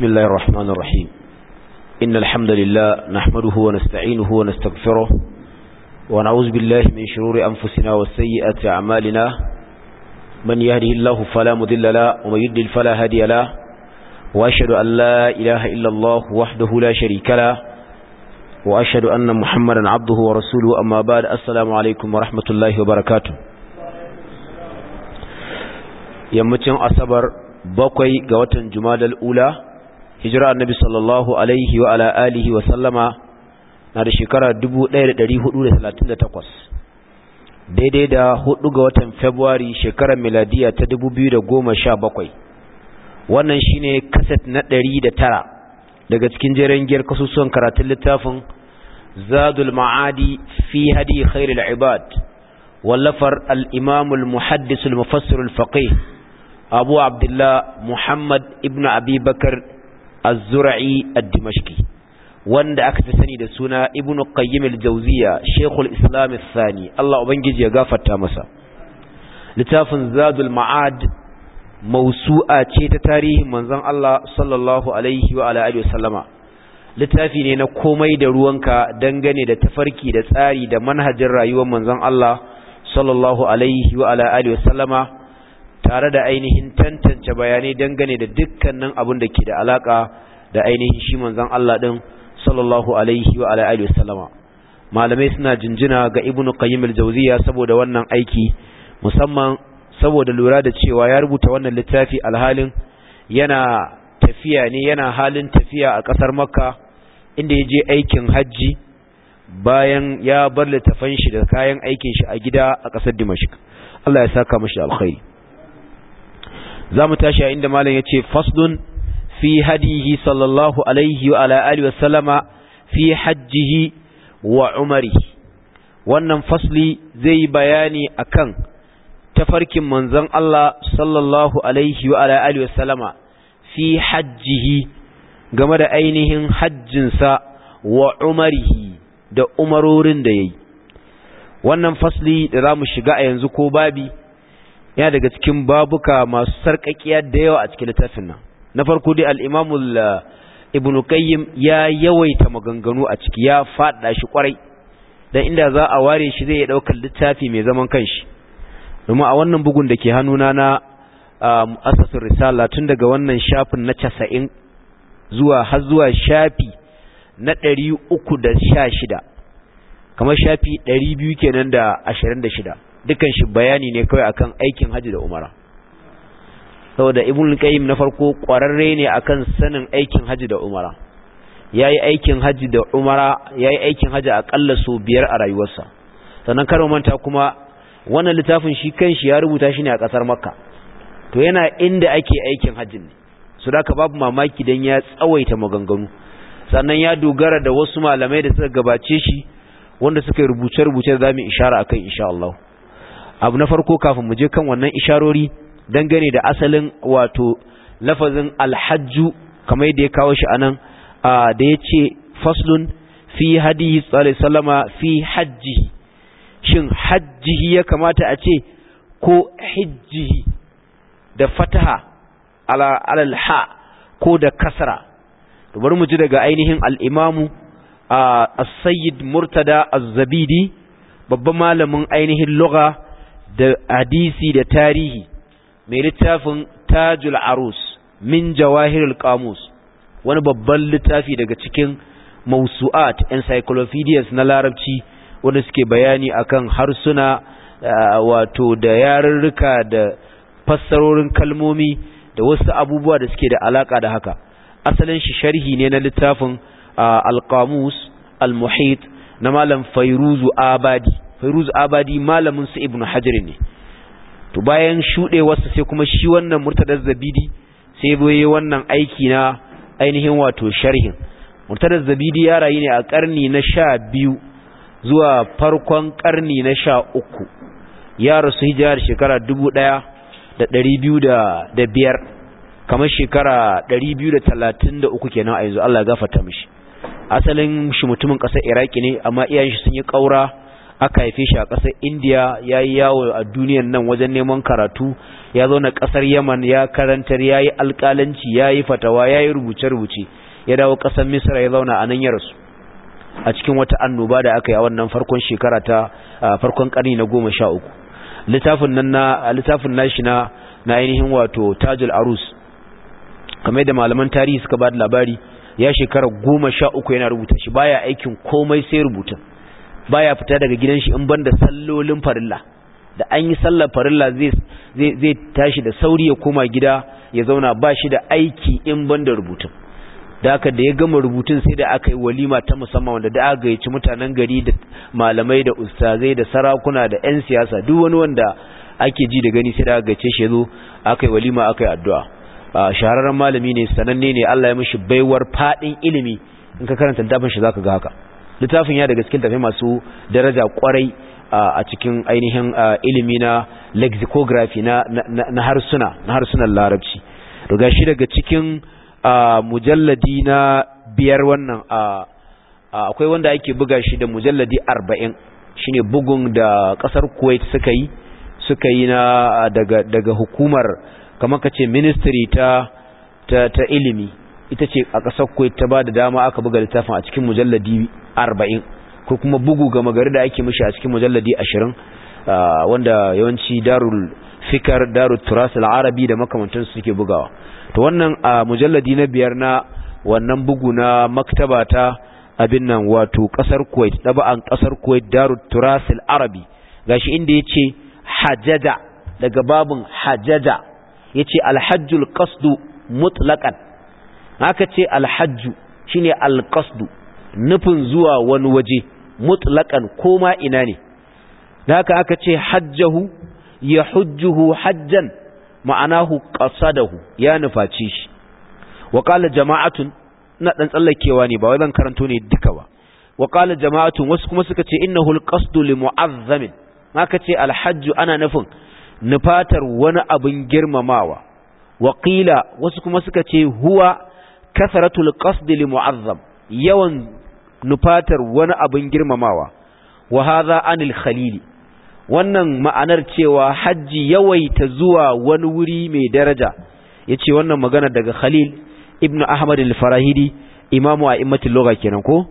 بسم الله الرحمن الرحيم إن الحمد لله نحمده ونستعينه ونستغفره ونعوذ بالله من شرور أنفسنا وسيئات أعمالنا من يهده الله فلا مذل لا ومن يدل فلا هدي لا وأشهد أن لا إله إلا الله وحده لا شريك لا وأشهد أن محمدا عبده ورسوله أما بعد السلام عليكم ورحمة الله وبركاته يمتن أصبر بقي قوة جمال الأولى hijira annabi sallallahu alaihi wa ala alihi wa sallama na da shekara 1438 daidai da hudu ga watan february shekarar miladiya ta 2017 wannan shine kaset na 109 daga cikin jeren giyar kasusuwan karatun littafin zadul ma'adi fi hadi khairul ibad wallafar al-imam al-muhaddis al-mufassir al-faqih abu abdullah muhammad ibnu abi az-zura'i ad-dimashqi wanda aka fi sani da suna ibnu qayyim al-jawziya shaykhul islam ath-thani Allah ubangiji ya gafarta masa littafin zadul ma'ad mausu'a ce ta tarihin manzon Allah sallallahu alaihi wa ala alihi wasallama littafi ne na komai da ruwanka dangane da tafarki da tsari da manhajar rayuwar manzon Allah sallallahu alaihi wa ala alihi wasallama tare da ainihin tantance bayanai dangane da dukkanin abin da ke da alaka da ainihin shi manzan Allah din sallallahu alaihi wa alaihi wasallama malamai suna jinjina ga ibnu qayyim al-jawziya saboda wannan aiki musamman saboda lura da cewa ya rubuta wannan littafi alhalin yana tafiya ne yana halin tafiya a kasar makka inda ya je aikin hajji bayan ya bar littafan shi da kayan aikin shi a gida a kasar dimashik Allah ya saka mashi alkhairi za mu tashi a inda malam ya ce fasdun fi hadihi sallallahu alaihi wa ala'ali wa salama fi hajjihi wa umari wannan fasli zai yi bayani a kan tafarkin manzan Allah sallallahu alaihi wa ala'ali wa salama fi hajjihi game da ainihin hajjinsa wa umarihi da umarorin da yayi wannan fasli da za mu shiga a yanzu ko babi ya daga cikin babuka masu sarkakiya da yawa a cikin littafin nan na farko dai al eh, ibn qayyim ya yawaita maganganu a ciki ya faɗa shi kwarai dan inda za a ware shi zai ɗaukar littafi mai zaman kanshi domin a wannan bugun da ke hannuna na um, asasur risala tun daga wannan shafin na casa'in zuwa har zuwa shafi na da 316 kamar shafi biyu kenan da ashirin da shida. dukan shi bayani ne kawai akan aikin hajji da umara saboda ibn qayyim na farko kwararre ne akan sanin aikin haji da umara yayi aikin haji da umara yayi aikin haji akalla so biyar a rayuwarsa sannan karo manta kuma wannan littafin shi kanshi ya rubuta shi ne a kasar makka to yana inda ake aikin hajjin ne su da babu mamaki dan ya tsawaita maganganu sannan ya dogara da wasu malamai da suka gabace shi wanda suka rubuce-rubuce za mu ishara akan insha Allah abu na farko kafin mu je kan wannan isharori dangane da asalin wato lafazin alhajju kamar yadda ya kawo shi anan da ya ce faslun fi hadihi sallallahu sallama fi hajji shin hajjihi ya kamata a ce ko hijjihi da fataha ala alalha ko da kasra to bari mu ji daga ainihin al'imamu a as-sayyid murtada az-zabidi babban malamin ainihin lugha da hadisi da tarihi mai littafin tajul arus min jawahirul qamus wani babban littafi daga cikin mausu'at encyclopedias na larabci wanda suke bayani akan harsuna wato da yarurruka da fassarorin kalmomi da wasu abubuwa da suke da alaka da haka asalin shi sharhi ne na littafin al-qamus na malam fairuzu abadi Fairuz Abadi malamin su Ibn Hajar ne to bayan shuɗewarsa sai kuma shi wannan Murtadar Zabidi sai bai wannan aiki na ainihin wato sharhin Murtadar Zabidi ya rayu ne a ƙarni na sha biyu zuwa farkon ƙarni na sha uku ya rasu hijiyar shekara dubu ɗaya da ɗari biyu da biyar kamar shekara ɗari biyu da talatin da uku kenan a yanzu Allah ya gafarta mishi asalin shi mutumin ƙasar iraki ne amma iyayen shi sun yi ƙaura aka haife shi a ƙasar indiya ya yi yawo a duniyan nan wajen neman karatu ya zo na ƙasar yaman ya karantar ya yi alƙalanci ya yi fatawa ya yi rubuce-rubuce ya dawo ƙasar misra ya zauna a nan ya a cikin wata annoba da aka yi a wannan farkon shekara ta farkon ƙarni na goma sha uku littafin nan na littafin na na ainihin wato tajul arus kamar da malaman tarihi suka ba da labari ya shekara goma sha uku yana rubuta shi baya aikin komai sai rubutun baya fita daga gidan shi in banda sallolin farilla da an yi sallar farilla zai tashi da sauri ya koma gida ya zauna ba shi da aiki in banda rubutun da aka da ya gama rubutun sai da aka yi walima ta musamman wanda da aka gayyaci mutanen gari da malamai da ustazai da sarakuna da 'yan siyasa duk wani wanda ake ji da gani sai da aka shi shi zo aka yi walima aka yi addu'a shahararren malami ne sananne ne Allah ya mishi baiwar fadin ilimi in ka karanta littafin shi zaka ga haka littafin ya daga cikin tafi masu daraja kwarai a cikin ainihin ilimi na lexicography na harsuna na harsunan larabci daga shi daga cikin mujalladi na biyar wannan akwai wanda ake buga shi da mujalladi arba'in shine bugun da kasar kuwait suka yi suka yi na daga hukumar kamar ka ce ministry ta ilimi ita ce a ƙasar kuwait ta ba da dama aka buga littafin a cikin mujalladi arba'in ko kuma bugu ga magari da ake mishi a cikin mujalladi ashirin wanda yawanci darul fikar darul turas al'arabi da makamantansu suke bugawa to wannan a mujalladi na biyar na wannan bugu na maktaba ta abin nan wato kasar kuwait ɗaba'an kasar kuwait darul turas al'arabi gashi inda ya ce hajjada daga babin hajjada ya ce alhajjul kasdu mutlaƙan aka ce alhajju shine alqasdu nufin zuwa wani waje mutlaqan koma ina ne haka aka ce hajjahu yahujjuhu hajjan ma'anahu qasadahu ya nufaci shi wa qala jama'atun na dan tsallakewa ne ba wai zan karanto ne duka ba wa qala jama'atun wasu kuma suka ce innahu alqasdu li mu'azzamin haka ce alhajju ana nufin nufatar wani abin girmamawa wa qila wasu kuma suka ce huwa kasaratul qasdi li mu'azzam yawan nufatar wani abin girmamawa wa hadha anil khalili wannan ma'anar cewa hajji yawaita zuwa wani wuri mai daraja yace wannan magana daga khalil ibnu ahmad al-farahidi imamu a immatin loga kenan ko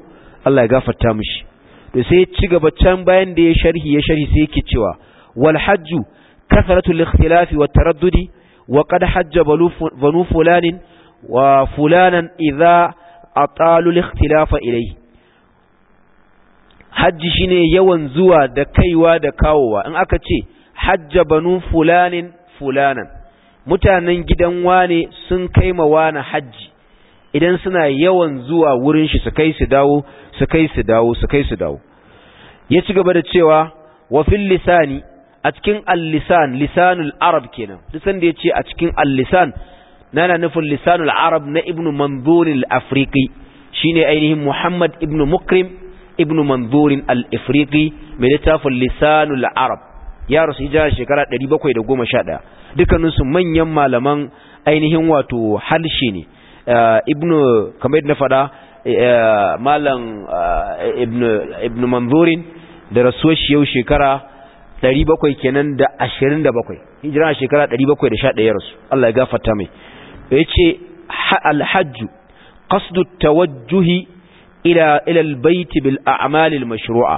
Allah ya gafarta mishi to sai ci gaba can bayan da ya sharhi ya sharhi sai yake cewa wal hajju kasratu ikhtilafi wa taraddudi wa qad hajja Banufulanin. wa fulanan idza atalu al-ikhtilafa ilayhi hajji shine yawan zuwa da kaiwa da kawowa in aka ce hajja banu fulanin fulanan mutanen gidan wane sun kai ma wane hajji idan suna yawan zuwa wurin shi su kai su dawo su kai su dawo su kai su dawo ya ci gaba da cewa wa fil lisani a cikin al-lisan lisanul arab kenan duk sanda yace a cikin al-lisan nana nufin lisanul arab na ibn manzurin al shine ainihin muhammad ibn mukrim ibn manzurin al-afriki mai littafin lisanul arab ya rasu hijira shekara 711 dukkaninsu manyan malaman ainihin wato harshe ne ibn kamar na fada malam ibn manzurin da rasuwar shi yau shekara 700 kenan da 27 hijira shekara 711 ya rasu Allah ya gafarta mai yace alhajju qasdu tawajjuhi ila ila albayt bil a'mal al mashru'a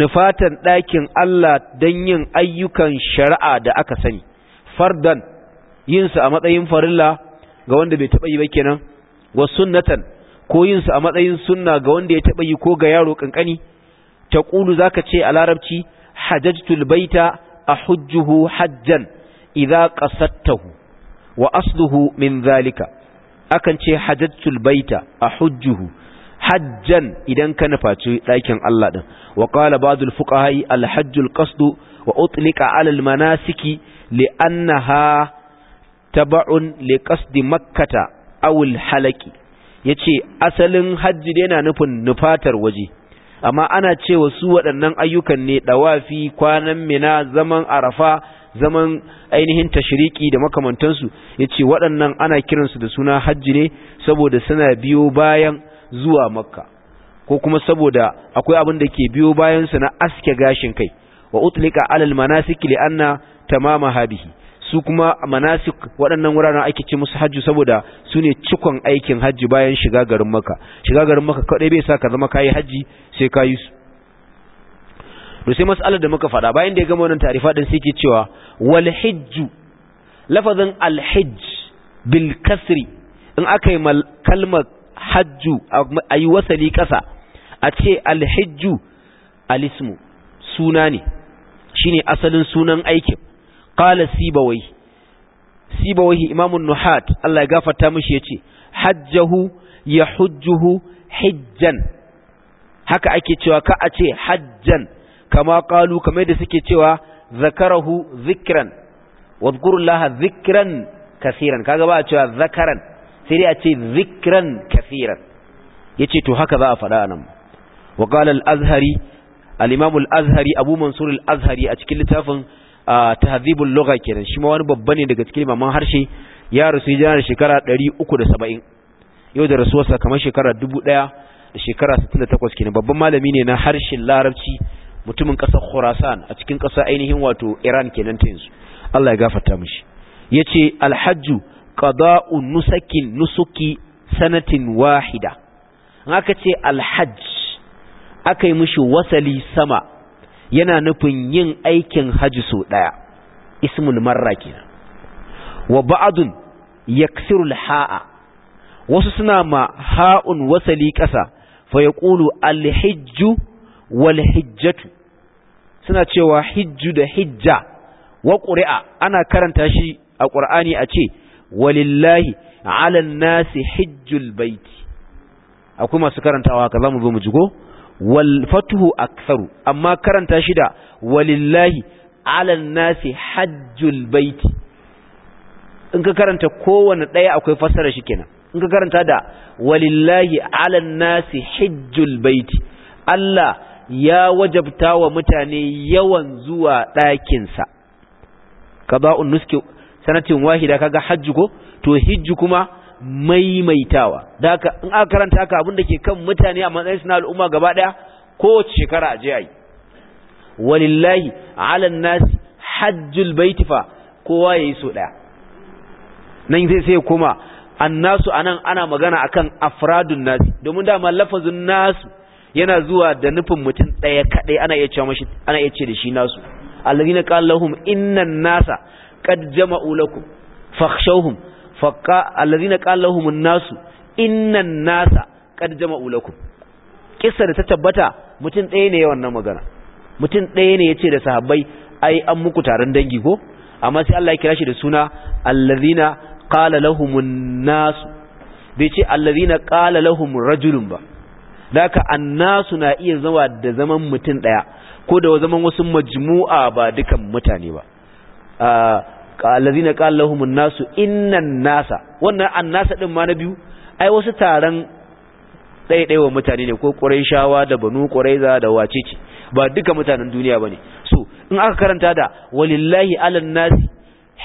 nufatan dakin Allah dan yin ayyukan shari'a da aka sani fardan yin su a matsayin farilla ga wanda bai taba yi ba kenan wa sunnatan ko yin su a matsayin sunna ga wanda ya taba yi ko ga yaro kankani taqulu zaka ce a larabci hajjatul baita ahujjuhu hajjan idza qasadtahu wa asluhu min zalika akan ce hajjatul baita a hujjuhu hajjan idan ka nufaci ɗakin Allah ɗin wa qala ba'dul fuqaha'i al-hajjul wa utlika 'ala al-manasiki li'annaha tab'un li qasdi makkata aw al-halaqi yace asalin hajji da yana nufin nufatar waje amma ana cewa su waɗannan ayyukan ne dawafi kwanan mina zaman arafa zaman ainihin tashiriki da makamantansu ya ce waɗannan ana kiransu da suna hajji ne saboda suna biyo bayan zuwa makka ko kuma saboda akwai abin da ke biyo bayansu na aske gashin kai wa utlika alal manasik li anna tamama habihi su kuma manasik waɗannan wuraren ake ce musu hajji saboda su ne cikon aikin hajji bayan shiga garin makka shiga garin makka kaɗai bai sa ka zama kayi hajji sai ka yi su to sai mas'alar da muka faɗa bayan da ya gama wannan tarifa din sai ke cewa wal hijju lafazin al hijj bil kasri in aka yi kalmar hajju a yi wasali ƙasa a ce al hijju alismu suna ne shine asalin sunan aikin qala sibawai sibawai imamun nuhat Allah ya gafarta mishi yace hajjahu yahujjuhu hijjan haka ake cewa ka a ce hajjan kama ƙalu kamar da suke cewa zakarahu zikiran wadhkurullaha zikiran kasiran kaga ba a cewa zakaran sai dai a ce kasiran ya yace to haka za a faɗa nan wa qala al-azhari al-imam azhari abu mansur azhari a cikin littafin tahdhibul lugha kenan shi ma wani babba ne daga cikin maman harshe ya rusu jana shekara 370 yau da rasuwarsa kamar shekara 1000 da shekara 68 kenan babban malami ne na harshen larabci mutumin ƙasar khurasan a cikin ƙasa ainihin wato iran kenan ta yanzu allah ya gafarta mishi ya ce alhajju qada'un nusakin nusuki sanatin wahida in aka ce alhajj aka yi mishi wasali sama yana nufin yin aikin haji sau ɗaya ismul marra kenan wa ba'adun yaksirul ha'a wasu suna ma ha'un wasali ƙasa fa ya yaqulu alhijju wal hijjatu suna cewa hijju da hijja wa ƙuri'a ana karanta shi a ƙur'ani a ce walillahi ala nasi hijjul baiti akwai masu karantawa haka zamu zo mu jigo wal fatuhu aktharu amma karanta shi da walillahi ala nasi hajjul baiti in ka karanta kowanne ɗaya akwai fassara shi kenan in ka karanta da walillahi ala nasi hijjul baiti Allah ya wajabta wa mutane yawan zuwa ɗakinsa qada'un nuske sanatin wahida kaga hajji ko to hijji kuma maimaitawa da haka in aka karanta haka abin da ke kan mutane a matsayin na al'umma gaba daya kowace shekara a ayi walillahi ala nas hajjul baiti fa kowa yayi so ɗaya. nan zai sai kuma annasu anan ana magana akan afradun nas domin dama lafazin nasu yana zuwa da nufin mutum ɗaya kaɗai ana iya ce mashi ana iya ce da shi nasu alladhina qala lahum innan nasa qad jama'u lakum fakhshawhum faqa alladhina qala lahum nasu innan nasa qad jama'u lakum kissa da ta tabbata mutum ɗaya ne yawan nan magana mutum ɗaya ne yace da sahabbai ai an muku taron dangi ko amma sai Allah ya kira shi da suna alladhina qala lahum nasu bai ce alladhina qala lahum rajulun ba daka annasu na iya zama da zaman mutum ɗaya, ko da zaman wasu majmu'a ba dukan mutane ba allazina qala lahum annasu innan nasa wannan annasa ɗin ma na biyu ai wasu taron wa mutane ne ko shawa da banu quraiza da wacece ba duka mutanen duniya ne. so in aka karanta da walillahi alan nasi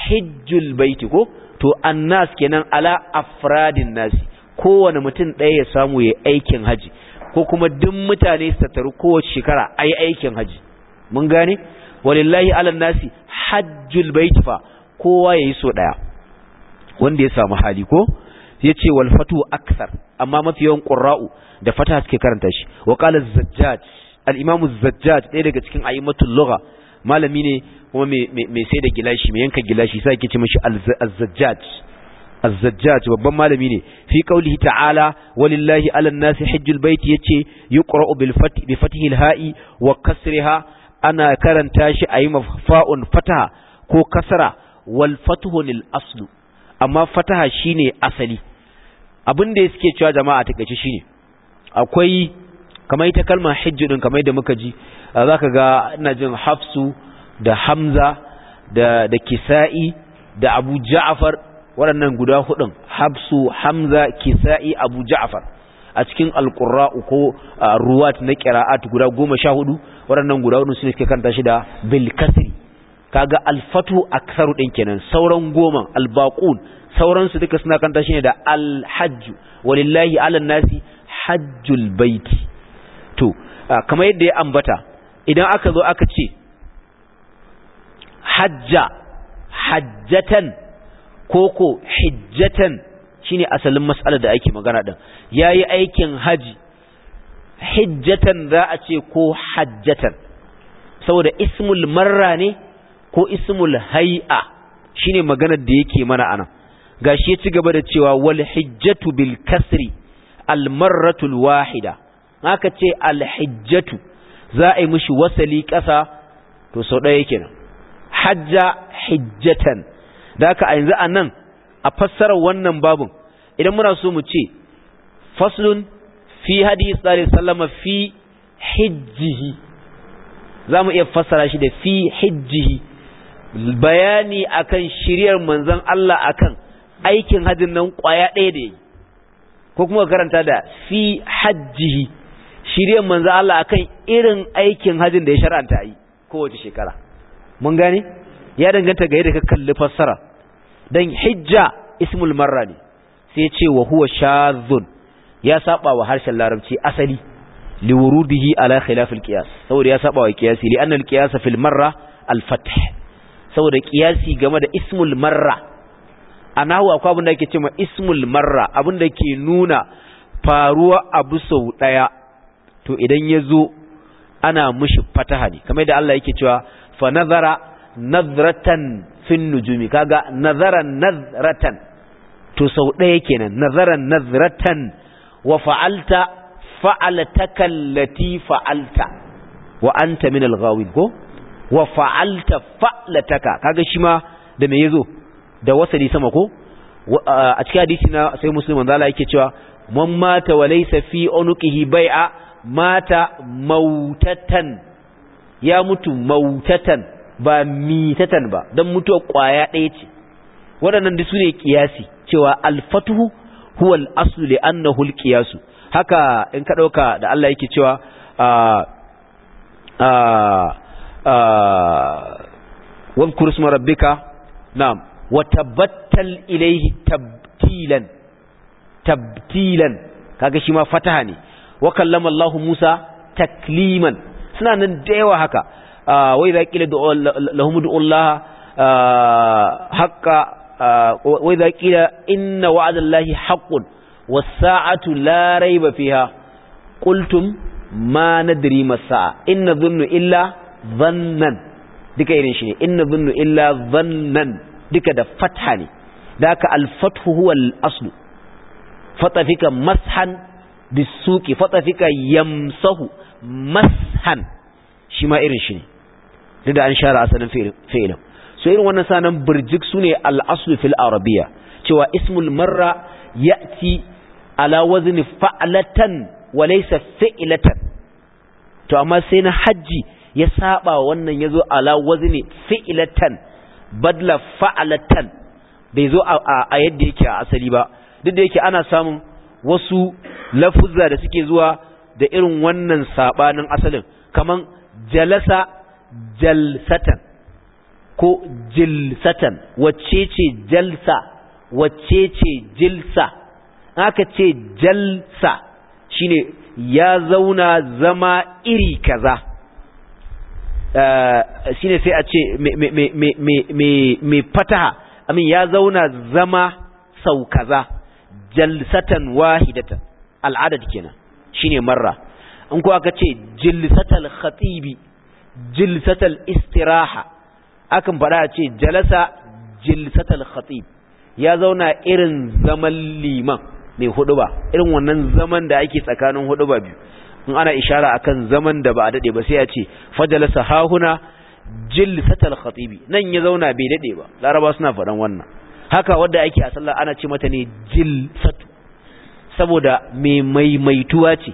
hijjul baiti ko to annas kenan ala afradin nasi kowane mutum ɗaya ya samu ya aikin haji ko kuma duk mutane su tattaru kowace shekara a yi aikin haji mun gane walillahi alan nasi hajjul baiti fa kowa yayi so ɗaya wanda ya samu hali ko yace wal fatu aksar amma mafi yawan ƙura'u da fata suke karanta shi wa qala zajjaj al zajjaj ɗaya daga cikin a'immatul lugha malami ne kuma mai sai da gilashi mai yanka gilashi sai kike ce mashi al zajjaj az babban malami ne fi qaulihi ta'ala walillahi 'alan nasi hajjul baiti yace yuqra'u bil fath hai wa kasriha ana karanta shi ayi mafa'un fataha ko kasra amma fataha shine asali abin da suke cewa jama'a ta kace shine akwai kamar ita kalmar hajju din kamar da muka ji zaka ga ina jin hafsu da hamza da da kisa'i da abu ja'far waɗannan guda hudun habsu hamza kisa'i abu ja'far a cikin alƙura ko ruwat na ƙira'at guda goma sha hudu waɗannan guda hudun su ne suke kanta shi da ka kaga alfatu aksaru ɗin kenan sauran goma albaƙun sauransu duka suna kanta shi ne da alhajju walillahi ala nasi hajjul baiti to kamar yadda ya ambata idan aka zo aka ce hajja hajjatan koko hijjatan shine asalin mas'alar da ake magana din yayi aikin haji hijjatan za a ce ko hajjatan saboda ismul marra ne ko ismul hay'a shine magana da yake mana anan gashi ya ci gaba da cewa wal hijjatu bil kasri al al wahida haka ce al hijjatu za a yi mishi wasali ƙasa to sau ɗaya kenan hajja hijjatan da haka a yanzu a nan a fassarar wannan babun idan muna so mu ce faslun fi hadi sallallahu sallama fi hijjihi za mu iya fassara shi da fi hijjihi bayani akan shiryar manzon Allah akan aikin hajjin nan kwaya ɗaya da yi ko kuma karanta da fi hajjihi shiryar manzon Allah akan irin aikin hajjin da ya shar'anta yi kowace shekara mun gane ya danganta ga yadda ka kalli fassara dan hijja ismul marra ne sai ce wa huwa shadhun ya saba wa harshen larabci asali li wurudihi ala khilaf al qiyas saboda ya saba wa qiyasi li anna al qiyasa fil marra al fath saboda qiyasi game da ismul marra anahu akwai abin da yake cewa ismul marra abin da ke nuna faruwa abu sau daya to idan ya zo ana mushi fataha ne kamar yadda Allah yake cewa fa nazara nazratan fin nujumi kaga nazaran nazratan to sau ɗaya kenan nazaran nazratan wa fa'alta fa'altaka lati fa'alta wa anta min al ko wa fa'alta fa'lataka kaga shi ma da me yazo da wasali sama ko a cikin hadisi na sai muslim manzo Allah yake cewa man mata wa laysa fi unqihi bai'a mata mautatan ya mutu mautatan ba mitatan ba don mutuwa kwaya ɗaya ce waɗannan da su ne kiyasi cewa alfatuhu huwa al'asu da an al-qiyasu haka in ka ɗauka da Allah yake cewa wadhkur isma rabbika na wa tabattal ilaihi tabtilan tabtilan kaga shi ma fataha ne wa kallama Allah Musa takliman suna nan da yawa haka wa idza qila lahum ud'u Allah haqqa wa idza qila inna wa'da Allah haqqun was-sa'atu la rayba fiha ma nadri mas-sa'a in nadhunnu illa dhannan duka irin shi ne in nadhunnu illa dhannan duka da fatha ne da ka al-fathu huwa al yamsahu mashan shi ma irin shi ne duk da an share asalin fi'ilin so irin wannan sanan burjik sune al-aslu fil arabiyya cewa ismul marra ya'ti ala wazni fa'latan wa laysa fi'latan to amma sai na haji ya saba wannan yazo ala wazni fi'latan badla fa'latan bai zo a yadda yake a asali ba duk da yake ana samun wasu lafuzza da suke zuwa da irin wannan sabanin asalin kaman jalasa jalsatan ko jilsatan wacce ce jalsa wacce ce jilsa aka ce jalsa shine ya zauna zama iri kaza eh, shine sai a ce mai fataha amin ya zauna zama sau kaza jalsatan wahidatan al'adad kenan shine marra in ko aka ce jilsatal khatibi jilsatal istiraha akan faɗa ce jalasa jilsatal khatib ya zauna irin zaman liman mai huduba irin wannan zaman da ake tsakanin huduba biyu in ana ishara akan zaman da ba a daɗe ba sai ya ce fajalasa hahuna jilsatal khatibi nan ya zauna bai daɗe ba laraba suna faɗan wannan haka wanda ake a sallah ana ce mata ne jilsatu saboda mai maimaituwa ce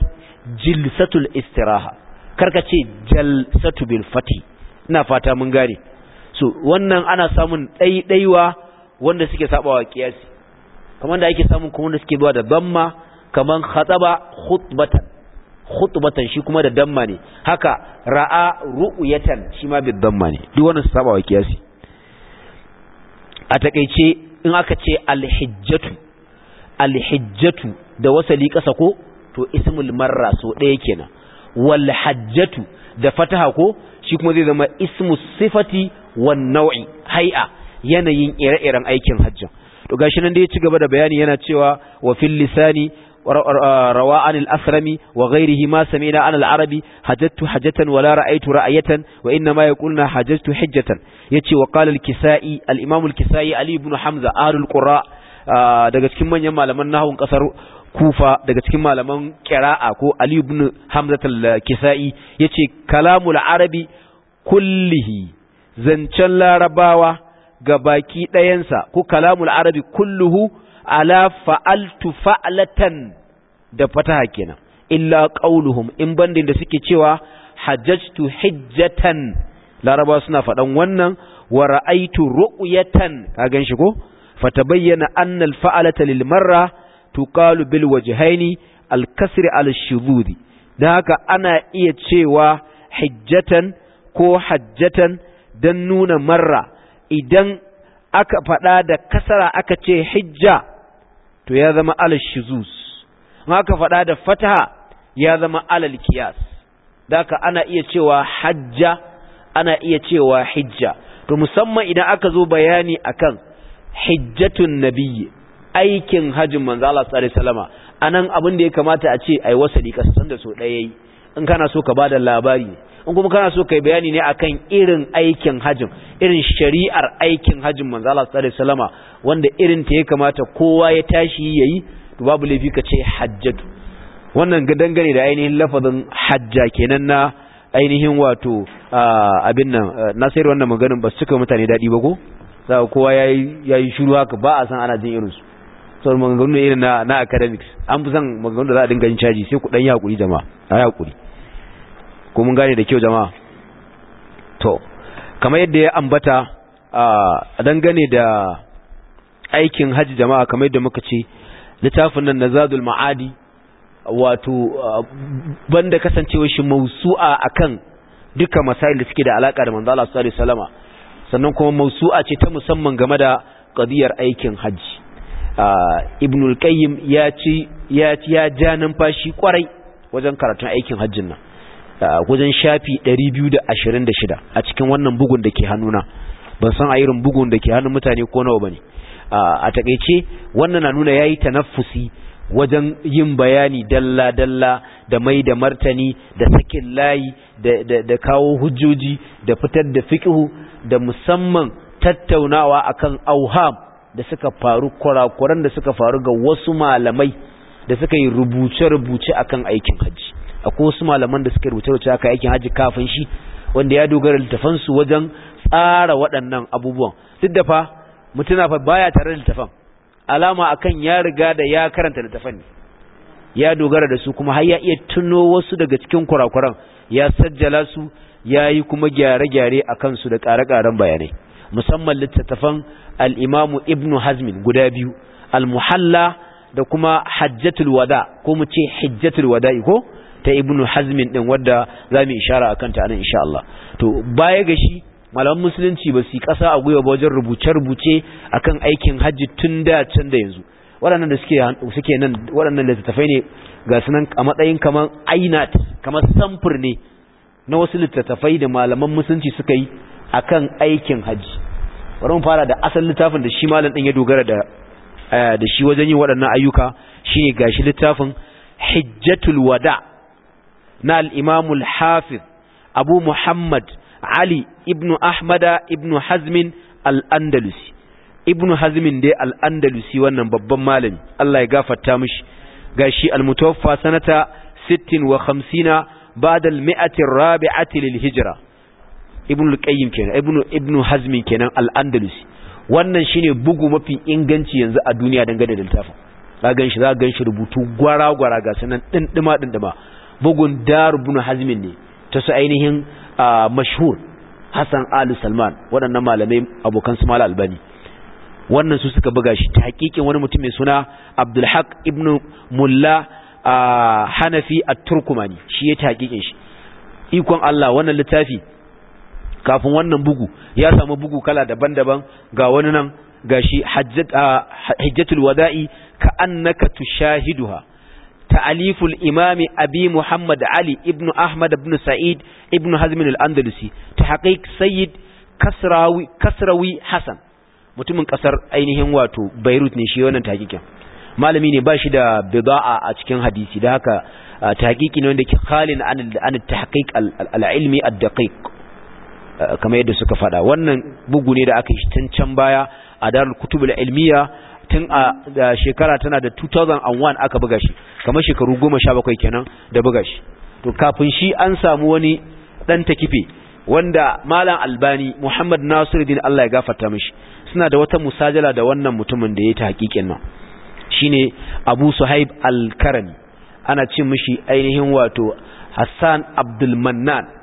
jilsatul istiraha karka ce jalsatu bil fati ina fata mun gane so wannan ana samun daidaiwa wanda suke sabawa kiyasi kamar da ake samun kuma wanda suke bawa da damma kamar khataba khutbatan khutbatan shi kuma da damma ne haka ra'a ru'yatan shi ma bi damma ne duk wannan sabawa kiyasi a takeice in aka ce alhijjatu alhijjatu da wasali kasa ko to ismul marra so ɗaya kenan wal hajjatu da fataha ko shi kuma zai zama ismu sifati wan nau'i hay'a yanayin ire-iren aikin hajjin to gashi nan da ya ci gaba da bayani yana cewa wa fil lisani rawa an al-asrami wa ghairihi ma sami'na an al-arabi hajjatu hajjatan wa la ra'aytu ra'ayatan wa inna ma yaqulna hajjatu hajjatan yace wa qala al-kisai al-imam al-kisai ali ibn hamza ahlul qura daga cikin manyan malaman nahawun kasar kufa daga cikin malaman kira'a ko ali ibn hamzat al-kisai yace kalamul arabi kullihi zancen larabawa ga baki ɗayansa ko kalamul arabi kulluhu ala fa'altu fa'latan da fataha kenan illa qauluhum in bandin da suke cewa hajjatu hijjatan laraba suna faɗan wannan wa ra'aitu ru'yatan ka ganshi ko fatabayyana anna al-fa'lata lil marra tuqalu bil wajhaini al kasr al shudhudi dan haka ana iya cewa hijjatan ko hajjatan dan nuna marra idan aka faɗa da kasara aka ce hijja to ya zama alal shuzuz aka faɗa da fataha ya zama alal kiyas haka ana iya cewa hajja ana iya cewa hijja to musamman idan aka zo bayani akan hijjatun nabiyyi aikin hajjin manzo Allah sallallahu alaihi wasallama anan abin da ya kamata a ce ai wasali ka san da so ɗaya yayi in kana so ka bada labari in kuma kana so kai bayani ne akan irin aikin hajjin irin shari'ar aikin hajjin manzo Allah sallallahu alaihi wasallama wanda irin ta ya kamata kowa ya tashi yayi to babu laifi ka ce hajjatu wannan dangane da ainihin lafazin hajja kenan na ainihin wato abin nan na sayar wannan maganin ba su cika mutane daɗi ba ko za kowa ya yi shuru haka ba a san ana jin irinsu sau maganganu ne irin na academics an fi san maganganu da za a dinga yin caji sai ku ɗan yi jama'a a yi ko mun gane da kyau jama'a to kama yadda ya ambata a dangane da aikin hajji jama'a kama yadda muka ce littafin nan na zadul ma'adi wato banda kasancewa shi mausu'a akan duka masayin da suke da alaka da manzala su sallallahu alaihi sannan kuma mausu'a ce ta musamman game da qadiyar aikin hajji ibn al-qayyim ya ci ya ya ja numfashi kwarai wajen karatun aikin hajjin nan wajen shafi 226 a cikin wannan bugun da ke hannuna ban san a irin bugun da ke hannun mutane ko nawa bane a takeice wannan na nuna yayi tanaffusi wajen yin bayani dalla-dalla da mai da martani da sakin layi da kawo hujjoji da fitar da fikihu da musamman tattaunawa akan auham da suka faru kurakuran da suka faru ga wasu malamai da suka yi rubuce-rubuce akan aikin hajji akwai wasu malaman da suka yi rubuce-rubuce akan aikin hajji kafin shi wanda ya dogara littafan su wajen tsara waɗannan abubuwan duk da fa mutuna fa baya tare da littafan alama akan ya riga da ya karanta littafan ne ya dogara da su kuma har ya iya tuno wasu daga cikin kurakuran ya sajjala su ya yi kuma gyare-gyare a su da ƙare-ƙaren bayanai musamman littattafan al Ibn hazmin guda biyu al-Muhalla da kuma Hajjatul Wada ko mu ce Hajjatul wada iko ta Ibn ɗin din za mu ishara a kanta anan insha Allah to baya ga shi malaman musulunci ba su kasa a gwiwa ba wajen rubuce-rubuce a kan aikin hajji tun da can da yanzu waɗannan da suke nan waɗannan littattafai ne ga su a matsayin kamar ainat kamar samfur ne na wasu littattafai da malaman musulunci suka yi akan aikin haji bari mu fara da asalin littafin da shi malam din ya dogara da eh, da shi wajen yin waɗannan ayyuka shine gashi littafin hijjatul wada na al-imam al-hafiz abu muhammad ali ibnu ahmada ibnu hazmin al-andalusi ibnu hazmin dai al-andalusi wannan babban malami Allah ya gafarta mishi gashi al-mutawaffa sanata 56 ba'da al-mi'ati ar-rabi'ati lil-hijra Ibnu al-qayyim kenan Ibnu ibnu hazm kenan al andalus wannan shine bugu mafi inganci yanzu a duniya dangane da littafin za gan shi za gan shi rubutu gwara gwara ga sanan dindima dindima bugun dar ibn hazm ne ta su ainihin mashhur hasan ali salman waɗannan malamai abokan su albani wannan su suka buga shi ta hakikin wani mutum mai suna abdul haq ibnu mulla hanafi at-turkumani shi ya ta hakikin shi ikon Allah wannan littafi kafin wannan bugu ya samu bugu kala daban-daban ga wani nan gashi hajjatul wada'i ka annaka tushahiduha ta'alifu al abi muhammad ali ibn ahmad ibn sa'id ibn hazm al-andalusi tahqiq sayyid kasrawi kasrawi hasan mutumin kasar ainihin wato beirut ne shi wannan tahqiqin malami ne ba shi da bida'a a cikin hadisi da haka tahqiqi ne wanda ke khalin an an tahqiq al-ilmi ad-daqiq Eh, kamar yadda suka faɗa wannan bugu ne da aka yi tun can baya a darul kutubul ilmiya tun a da shekara tana da 2001 aka buga shi kamar shekaru 17 kenan da buga shi to kafin shi an samu wani dan takife wanda malam albani muhammad nasiruddin Allah ya gafarta mishi suna da wata musajala da wannan mutumin da ya ta hakikin nan shine abu suhaib al-karami ana cin mishi ainihin wato hassan abdul mannan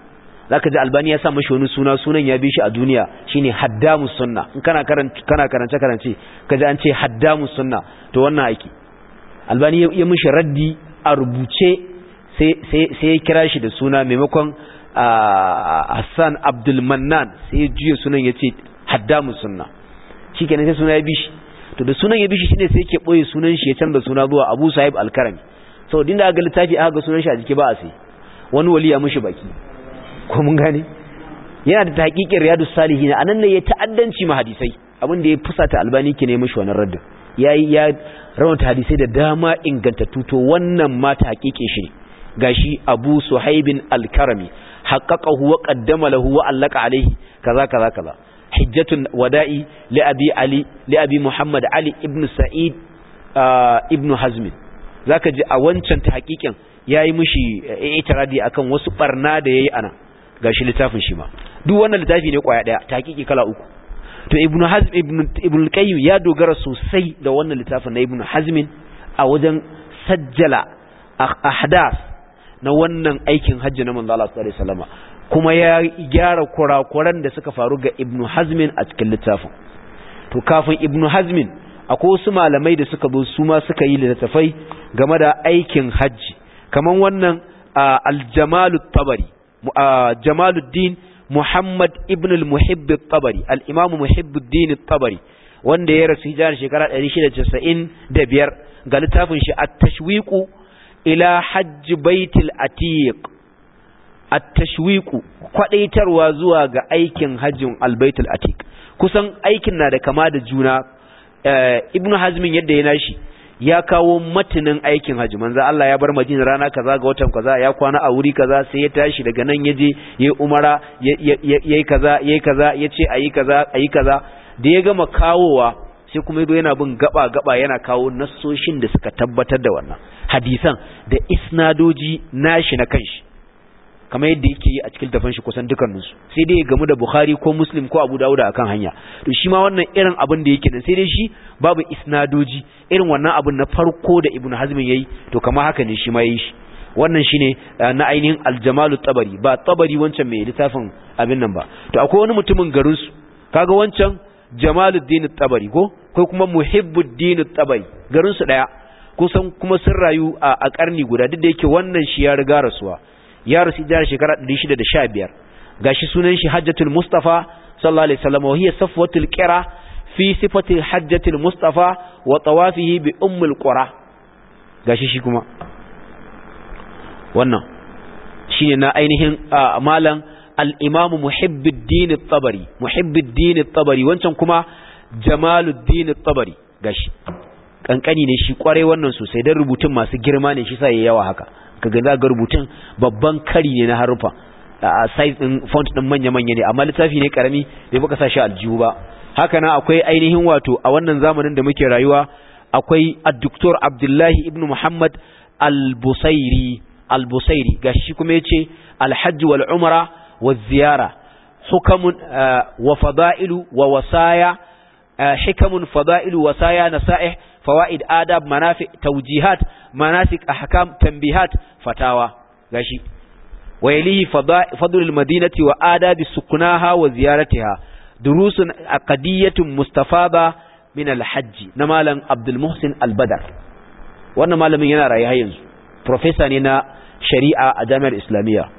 zaka ji albani ya sa mashi wani suna sunan ya bi shi a duniya shine haddamus sunna in kana karanta kana karance karance kaji an ce haddamus sunna to wannan aiki albani ya mishi raddi a rubuce sai ya kira shi da suna maimakon Hassan Abdul Mannan sai ya juya sunan ya ce haddamus sunna shikenan sai suna ya bi shi to da sunan ya bi shi shine sai yake boye sunan shi ya canza suna zuwa Abu sahib alkarami karami sau dinda ga littafi aka ga sunan shi a jiki ba a sai wani wali ya mishi baki ko mun gane yana da tahqiqin riyadus salihin anan ne ya ta'addanci ma hadisai abin da ya fusata albani ke ne mishi wannan raddin yayi ya rawanta hadisai da dama ingantattu to wannan ma tahqiqin shi gashi Abu Suhaibin Alkarami karami haqqaqahu wa qaddama lahu wa allaka alayhi kaza kaza kaza hujjatun wada'i li abi ali li abi muhammad ali ibn sa'id uh, ibn hazm zaka ji a wancan tahqiqin yayi mishi eh, itiradi akan wasu barna da yayi anan gashi littafin shi ma duk wannan littafi ne kwaya daya hakiki kala uku to Ibn hazm ibn qayyim ya dogara sosai da wannan littafin na Ibn hazm a wajen sajjala ahdath na wannan aikin hajji na manzo Allah sallallahu alaihi wasallam kuma ya gyara kurakuran da suka faru ga Ibn hazm a cikin littafin to kafin ibnu hazm akwai wasu malamai da suka zo su ma suka yi littafai game da aikin hajji kaman wannan aljamalu tabari Ah, jamaluddin muhammad ibn al-muhibb al-tabari al-imam muhibbuddin al-tabari wanda ya rasu hijira shekara 695 ga littafin shi at-tashwiqu ila hajj baitil atiq at-tashwiqu kwadaitarwa zuwa ga aikin hajjin al-baitul atiq kusan aikin na da kama da juna eh, ibn hazmin yadda ya nashi ya kawo matinin aikin haji manzo Allah ya bar Madina rana kaza ga watan kaza ya kwana a wuri kaza sai ya tashi daga nan ya yaje yayi umara yayi kaza yayi kaza yace ayi kaza ayi kaza da ya gama kawowa sai kuma yazo yana bin gaba gaba yana kawo nassoshin da suka tabbatar da wannan hadisan da isnadoji nashi na kanshi kamar yadda yake a cikin tafan shi kusan su sai dai game gamu da bukhari ko muslim ko abu dawuda akan hanya to shi ma wannan irin abin da yake nan sai dai shi babu isnadoji irin wannan abin na farko da ibn hazm yayi to kamar haka ne shi ma yayi shi wannan shine eh, na ainihin aljamalu tabari ba tabari wancan mai littafin abin nan ba to akwai wani mutumin garin su kaga wancan jamaluddin tabari ko ko kuma muhibbuddin tabari garin su daya kusan kuma sun rayu a karni guda duk da yake wannan shi ya riga rasuwa ya rasu da shekara 615 shi sunan shi hajjatul mustafa sallallahu alaihi wasallam wa hiya safwatul qira fi sifati hajjatul mustafa wa tawafihi bi ummul qura Ga shi shi kuma wannan shine na ainihin malam al-imam muhibbuddin at-tabari muhibbuddin at-tabari wancan kuma jamaluddin at-tabari gashi kankani ne shi kware wannan sosai dan rubutun masu girma ne shi sai yawa haka kaga za ga rubutun babban kari ne na haruffa a size din font din manya-manya ne amma littafi ne karami bai baka sa shi aljihu ba haka nan akwai ainihin wato a wannan zamanin da muke rayuwa akwai ad Abdullahi ibn Muhammad al-Busairi al-Busairi gashi kuma yace ce alhaji wal Umra wal Ziyara hukamun wa fada'ilu wa wasaya hikamun fada'ilu wasaya fawaid adab manafi tawjihat manasik ahkam tanbihat fatawa gashi wa yalihi fadlul madinati wa adabi sukunaha wa ziyaratiha durusun aqdiyatun mustafada min alhajj na malam abdul muhsin albadar wannan malamin yana raye ha yanzu professor ne na shari'a a jami'ar islamiyya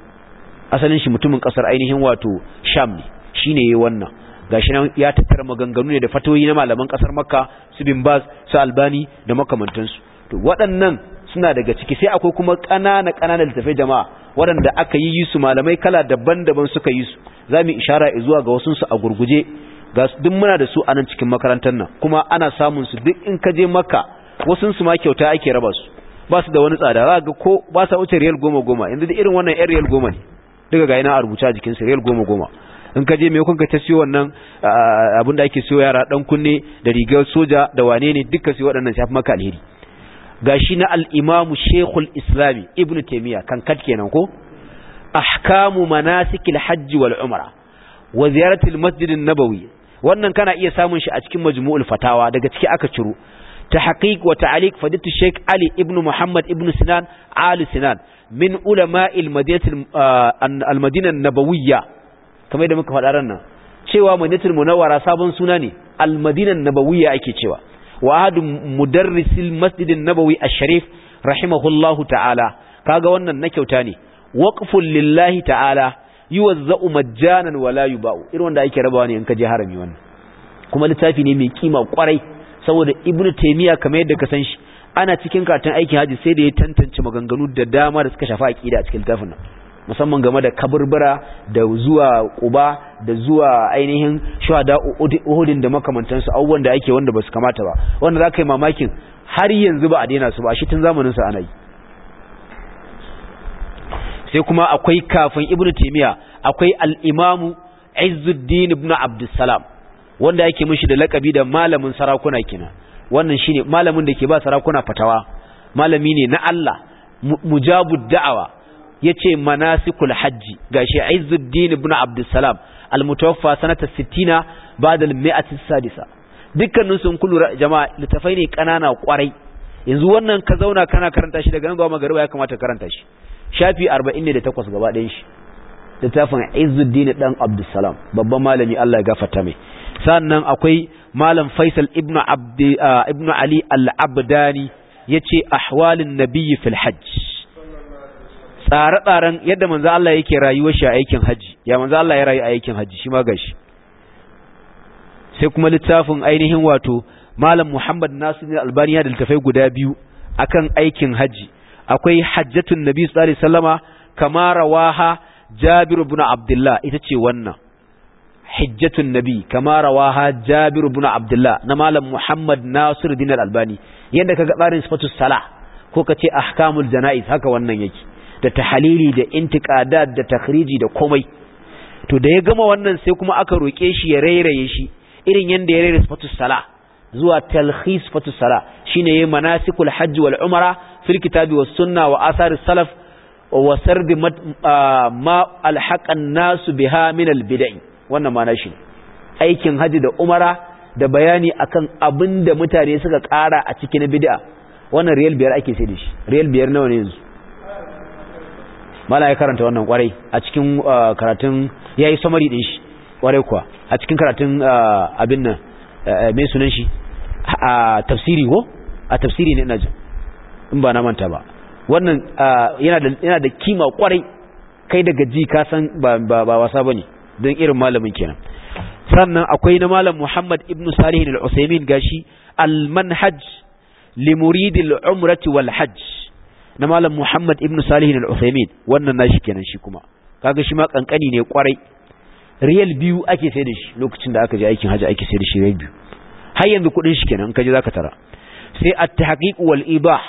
asalin shi mutumin kasar ainihin wato sham ne shine yayin wannan gashi nan ya tattara maganganu ne da fatoyi na malaman kasar makka su bin bas su albani da makamantansu to waɗannan suna daga ciki sai akwai kuma ƙanana ƙanana littafai jama'a waɗanda aka yi su malamai kala daban-daban suka yi su za mu ishara zuwa ga wasunsu a gurguje ga duk muna da su a nan cikin makarantar nan kuma ana samun su duk in ka je makka wasunsu ma kyauta ake raba su ba su da wani tsada za ga ko ba sa wuce riyal goma goma yanzu da irin wannan yan riyal goma ne daga ga a rubuta a jikinsu riyal goma goma in ka je maimakon ka ta siyo wannan abin da ake siyo yara dan kunne da rigar soja da wane ne duka siyo waɗannan shafi maka alheri gashi na al-imamu shekul islami ibnu taimiyya kan kat kenan ko ahkamu manasikil hajji wal umra wa ziyaratul masjidin nabawi wannan kana iya samun shi a cikin majmu'ul fatawa daga ciki aka ciro تحقيق وتعليق فضيلة ali علي muhammad محمد sinan سنان sinan min من علماء المدينة المدينة النبوية kamar yadda muka faɗa ran nan cewa madinatul munawwara sabon suna ne almadinan nabawiyya ake cewa wa ahadu mudarrisil masjidin nabawi ash-sharif rahimahullahu ta'ala kaga wannan na kyauta ne waqful lillahi ta'ala yuwazza'u majjanan wala yuba'u irin wanda ake rabawa ne in ka je harami wannan kuma littafi ne mai kima kwarai saboda ibnu taymiya kamar yadda ka san shi ana cikin karatun aikin haji sai da ya tantance maganganu da dama da suka shafi aqida a cikin littafin nan musamman game da kaburbura da zuwa kuba da zuwa ainihin shahada uhudin da makamantansu abubuwan da ake wanda ba su kamata ba wanda za ka yi mamakin har yanzu ba a daina su ba shi tun zamaninsa ana yi sai kuma akwai kafin ibnu timiya akwai al-imamu izzuddin ibn abdussalam wanda yake mishi da lakabi da malamin sarakuna kenan wannan shine malamin da ke ba sarakuna fatawa malami ne na Allah mujabud da'awa yace manasikul hajji shi Izzuddin ibn Abdussalam al-mutawaffa sanata sittina ba'da al-mi'ati sadisa dukkanin sun kullu jama'a litafai ne kanana kwarai yanzu wannan ka zauna kana karanta shi daga nan zuwa magariba ya kamata karanta shi shafi 40 ne da takwas gaba ɗayan shi littafin Izzuddin dan Abdussalam babban malami Allah ya gafarta mai sannan akwai malam Faisal ibn ah, ibn Ali al-Abdani yace ahwalin nabiyyi fil hajj tsare-tsaren yadda manzo Allah yake rayuwar shi a aikin haji ya manzo Allah ya rayu a aikin haji shi ma gashi sai kuma littafin ainihin wato malam Muhammad Nasir Albani ya da littafai guda biyu akan aikin haji akwai hajjatun nabi sallallahu alaihi wasallama kama rawaha Jabir ibn Abdullah ita ce wannan hajjatun nabi kama rawaha Jabir ibn Abdullah na malam Muhammad Nasir Din Albani yanda kaga tsarin sifatus salah ko kace ahkamul janaiz haka wannan yake da tahalili da intiqadat da takhriji da komai to da ya gama wannan sai kuma aka roke shi ya rairaye shi irin yanda ya rairaye sifatus sala zuwa talkhis sifatus sala shine yayin manasikul hajj wal umra fil kitabi was sunna wa asar salaf wa sardi ma haqqan nas biha min al bid'i wannan ma shi aikin haji da umara da bayani akan abinda mutane suka kara a cikin bid'a wannan riyal biyar ake sai da shi riyal biyar nawa ne yanzu mala ya karanta wannan kwarai a cikin uh, karatun ya yi samari din shi kwarai kuwa a cikin karatun uh, abin nan uh, mai sunan shi a tafsiri ko a tafsiri ne ina jin in ba na manta ba wannan yana da kima kwarai kai daga ji kasan ba wasa ba ne don irin malamin kenan sannan akwai na malam Muhammad ibn Salih al’usaimin gashi al-manhaj limuridin umrati wal hajj na malam Muhammad ibn Salih al-Uthaymeen wannan nashi kenan shi kuma kaga shi ma kankani ne kwarai real biyu ake sai da shi lokacin da aka je aikin haji ake sai da shi real biyu har yanzu kudin shi kenan kaje zaka tara sai at-tahqiq wal ibah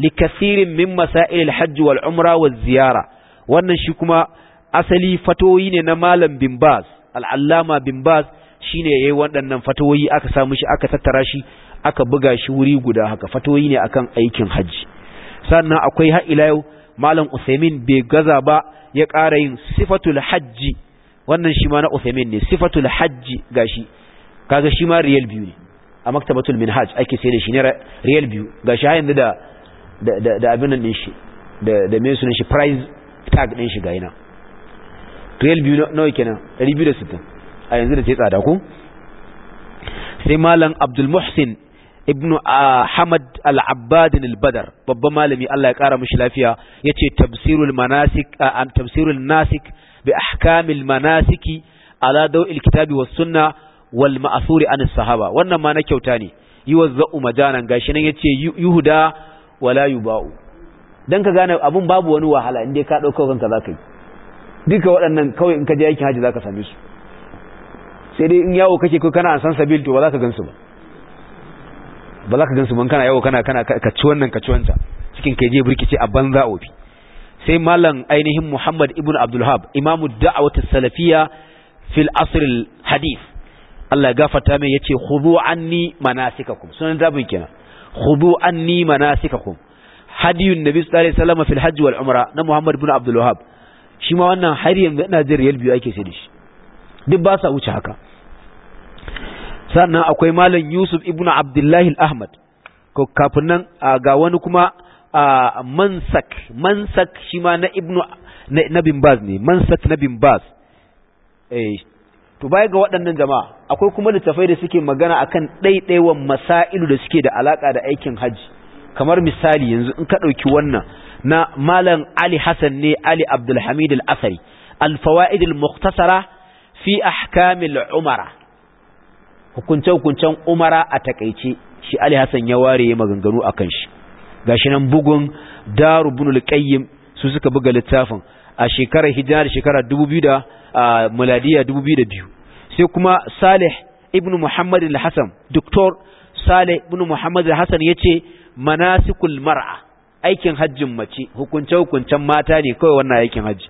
li kathirin min masail al-hajj wal umra wal ziyara wannan shi kuma asali fatoyi ne na malam bin Baz al-allama bin Baz shine yayi waɗannan fatoyi aka samu shi aka tattara shi aka buga shi wuri guda haka fatoyi ne akan aikin haji sannan akwai har ila yau malam Usaimin bai gaza ba ya ƙara yin sifatul hajji wannan shi ma na Usaimin ne sifatul hajji gashi kaga shi ma riyal biyu ne a maktabatul minhaj ake sai da shi ne riyal biyu gashi ha yanzu da da da abin nan din shi da da me sunan shi price tag din shi ga yana riyal biyu nawa kenan 260 a yanzu da ce tsada ko sai malam Abdul Muhsin ibnu ahmad al-abbad al-badr babban malami Allah ya kara mishi lafiya yace tafsirul manasik ah, an tafsirul nasik bi ahkamil manasiki ala dawil kitabi was sunna wal ma'thuri an sahaba wannan ma na kyauta ne za'u majanan gashi nan yace yuhuda wala yuba'u dan ka gane abun babu wani wahala inda ka dauko kanka zaka yi duka waɗannan kawai in ka je yakin haji zaka same su sai dai in yawo kake ko kana an san sabil to ba za ka gansu ba ba za ka gansu ban kana yawo kana kana ka ci wannan ka ci wancan cikin kai je burkice a banza ofi sai malam ainihin Muhammad ibn Abdul Hab imamu da'awatu salafiyya fil asr al hadith Allah ya gafarta mai yace khudhu anni manasikakum sunan dabin kenan khudhu anni manasikakum hadiyun nabi sallallahu alaihi wasallam fil hajj wal umra na Muhammad ibn Abdul Wahhab shi ma wannan har yanzu ina jin riyal biyu ake sai da shi duk ba sa wuce haka sannan akwai malam Yusuf ibn Abdullahi Ahmad ko kafin nan ga wani kuma mansak mansak shi ma na ibn na bin Baz ne mansak na bin Baz eh to baya ga waɗannan jama'a akwai kuma littafai da suke magana akan ɗaiɗaiwan masailu da suke da alaka da aikin hajji kamar misali yanzu in ka ɗauki wannan na malam Ali Hassan ne Ali Abdul Hamid Al-Asari al-fawaid al-mukhtasara fi ahkam al-umara hukunce-hukuncen umara a takaice shi Ali Hassan ya ware ya maganganu a kan shi gashi nan bugun daru bunul qayyim su suka buga littafin a shekarar hijira da shekarar 2000 a miladiya 2002 sai kuma Salih ibn Muhammad al-Hasan doktor Salih ibn Muhammad al-Hasan yace manasikul mar'a aikin hajjin mace hukunce-hukuncen mata ne kawai wannan aikin hajji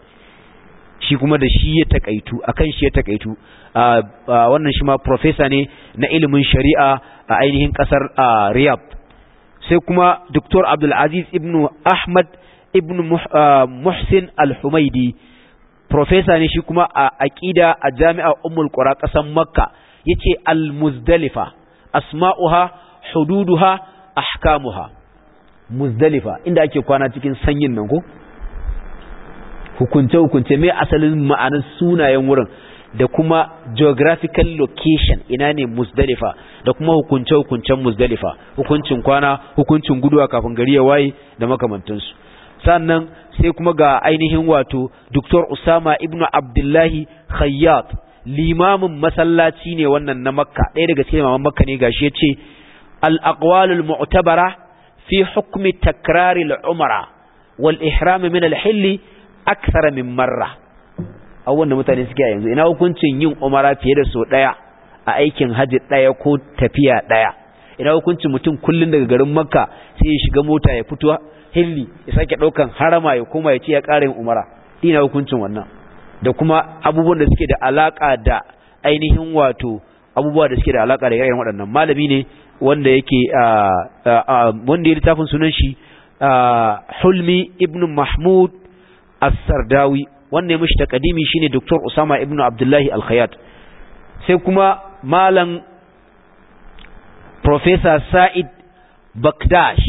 shi kuma da shi ya takaitu akan shi ya takaitu wannan shi ma profesa ne na ilimin shari'a a ainihin kasar Riyadh sai kuma Dr. Abdul Aziz ibn Ahmad ibn Muhsin Al-Humaidi profesa ne shi kuma a aqida a Jami'ar Ummul Qura kasar Makka yace Al-Muzdalifa asma'uha hududuha ahkamuha Muzdalifa inda ake kwana cikin sanyin nan ko hukunce hukunce mai asalin ma'anar sunayen wurin da kuma geographical location ina ne musdalifa da kuma hukunce-hukuncen musdalifa hukuncin kwana hukuncin guduwa kafin gari ya waye da makamantansu sannan sai kuma ga ainihin wato Dr. Usama ibnu Abdullahi Khayyat limamin masallaci ne wannan na Makka ɗaya daga cikin limaman Makka ne gashi yace al-aqwalul mu'tabara fi hukmi takrari al-umra wal ihram min al hilli min marra abubuwan da mutane suke yanzu ina hukuncin yin umara fiye da so daya a aikin haji daya ko tafiya ɗaya ina hukuncin mutum kullum daga garin makka sai ya shiga mota ya fito hilli ya sake ɗaukan harama ya koma ya ce ya ƙara yin umara ina hukuncin wannan da kuma abubuwan da suke da alaƙa da ainihin wato abubuwa da suke da alaƙa da irin waɗannan malami ne wanda yake wanda ya littafin sunan shi hulmi ibn mahmud as-sardawi wannan mishi takadimi shine Dr. Usama ibn Abdullahi al sai kuma malam Professor Said Bakdash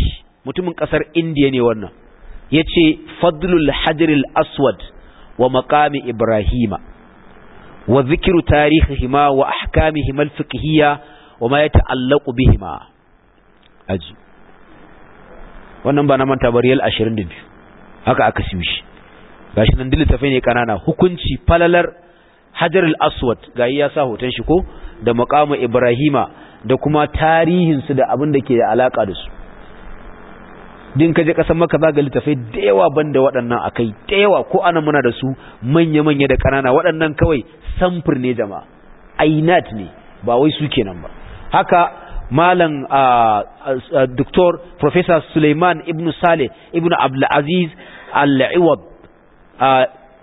mutumin kasar India ne wannan ce Fadlul Hajaril Aswad wa makami Ibrahima wa zikiru tarihihima wa ahkamihima al-fiqhiyya wa ma yata'allaqu bihima aji wannan ba na manta bariyal 22 haka aka siyo shi gashi nan dilitafai ne kanana hukunci falalar hajar al-aswad ga ya sa hoton shi ko da maqamu ibrahima da kuma tarihin su da abin da ke da alaka da su din kaje kasan maka zaga litafai da yawa banda waɗannan akai da yawa ko ana muna da su manya manya da kanana waɗannan kawai samfur ne jama'a ainat ne ba wai su kenan ba haka malam doktor professor Suleiman ibnu Saleh ibn Abdul Aziz Al-Iwad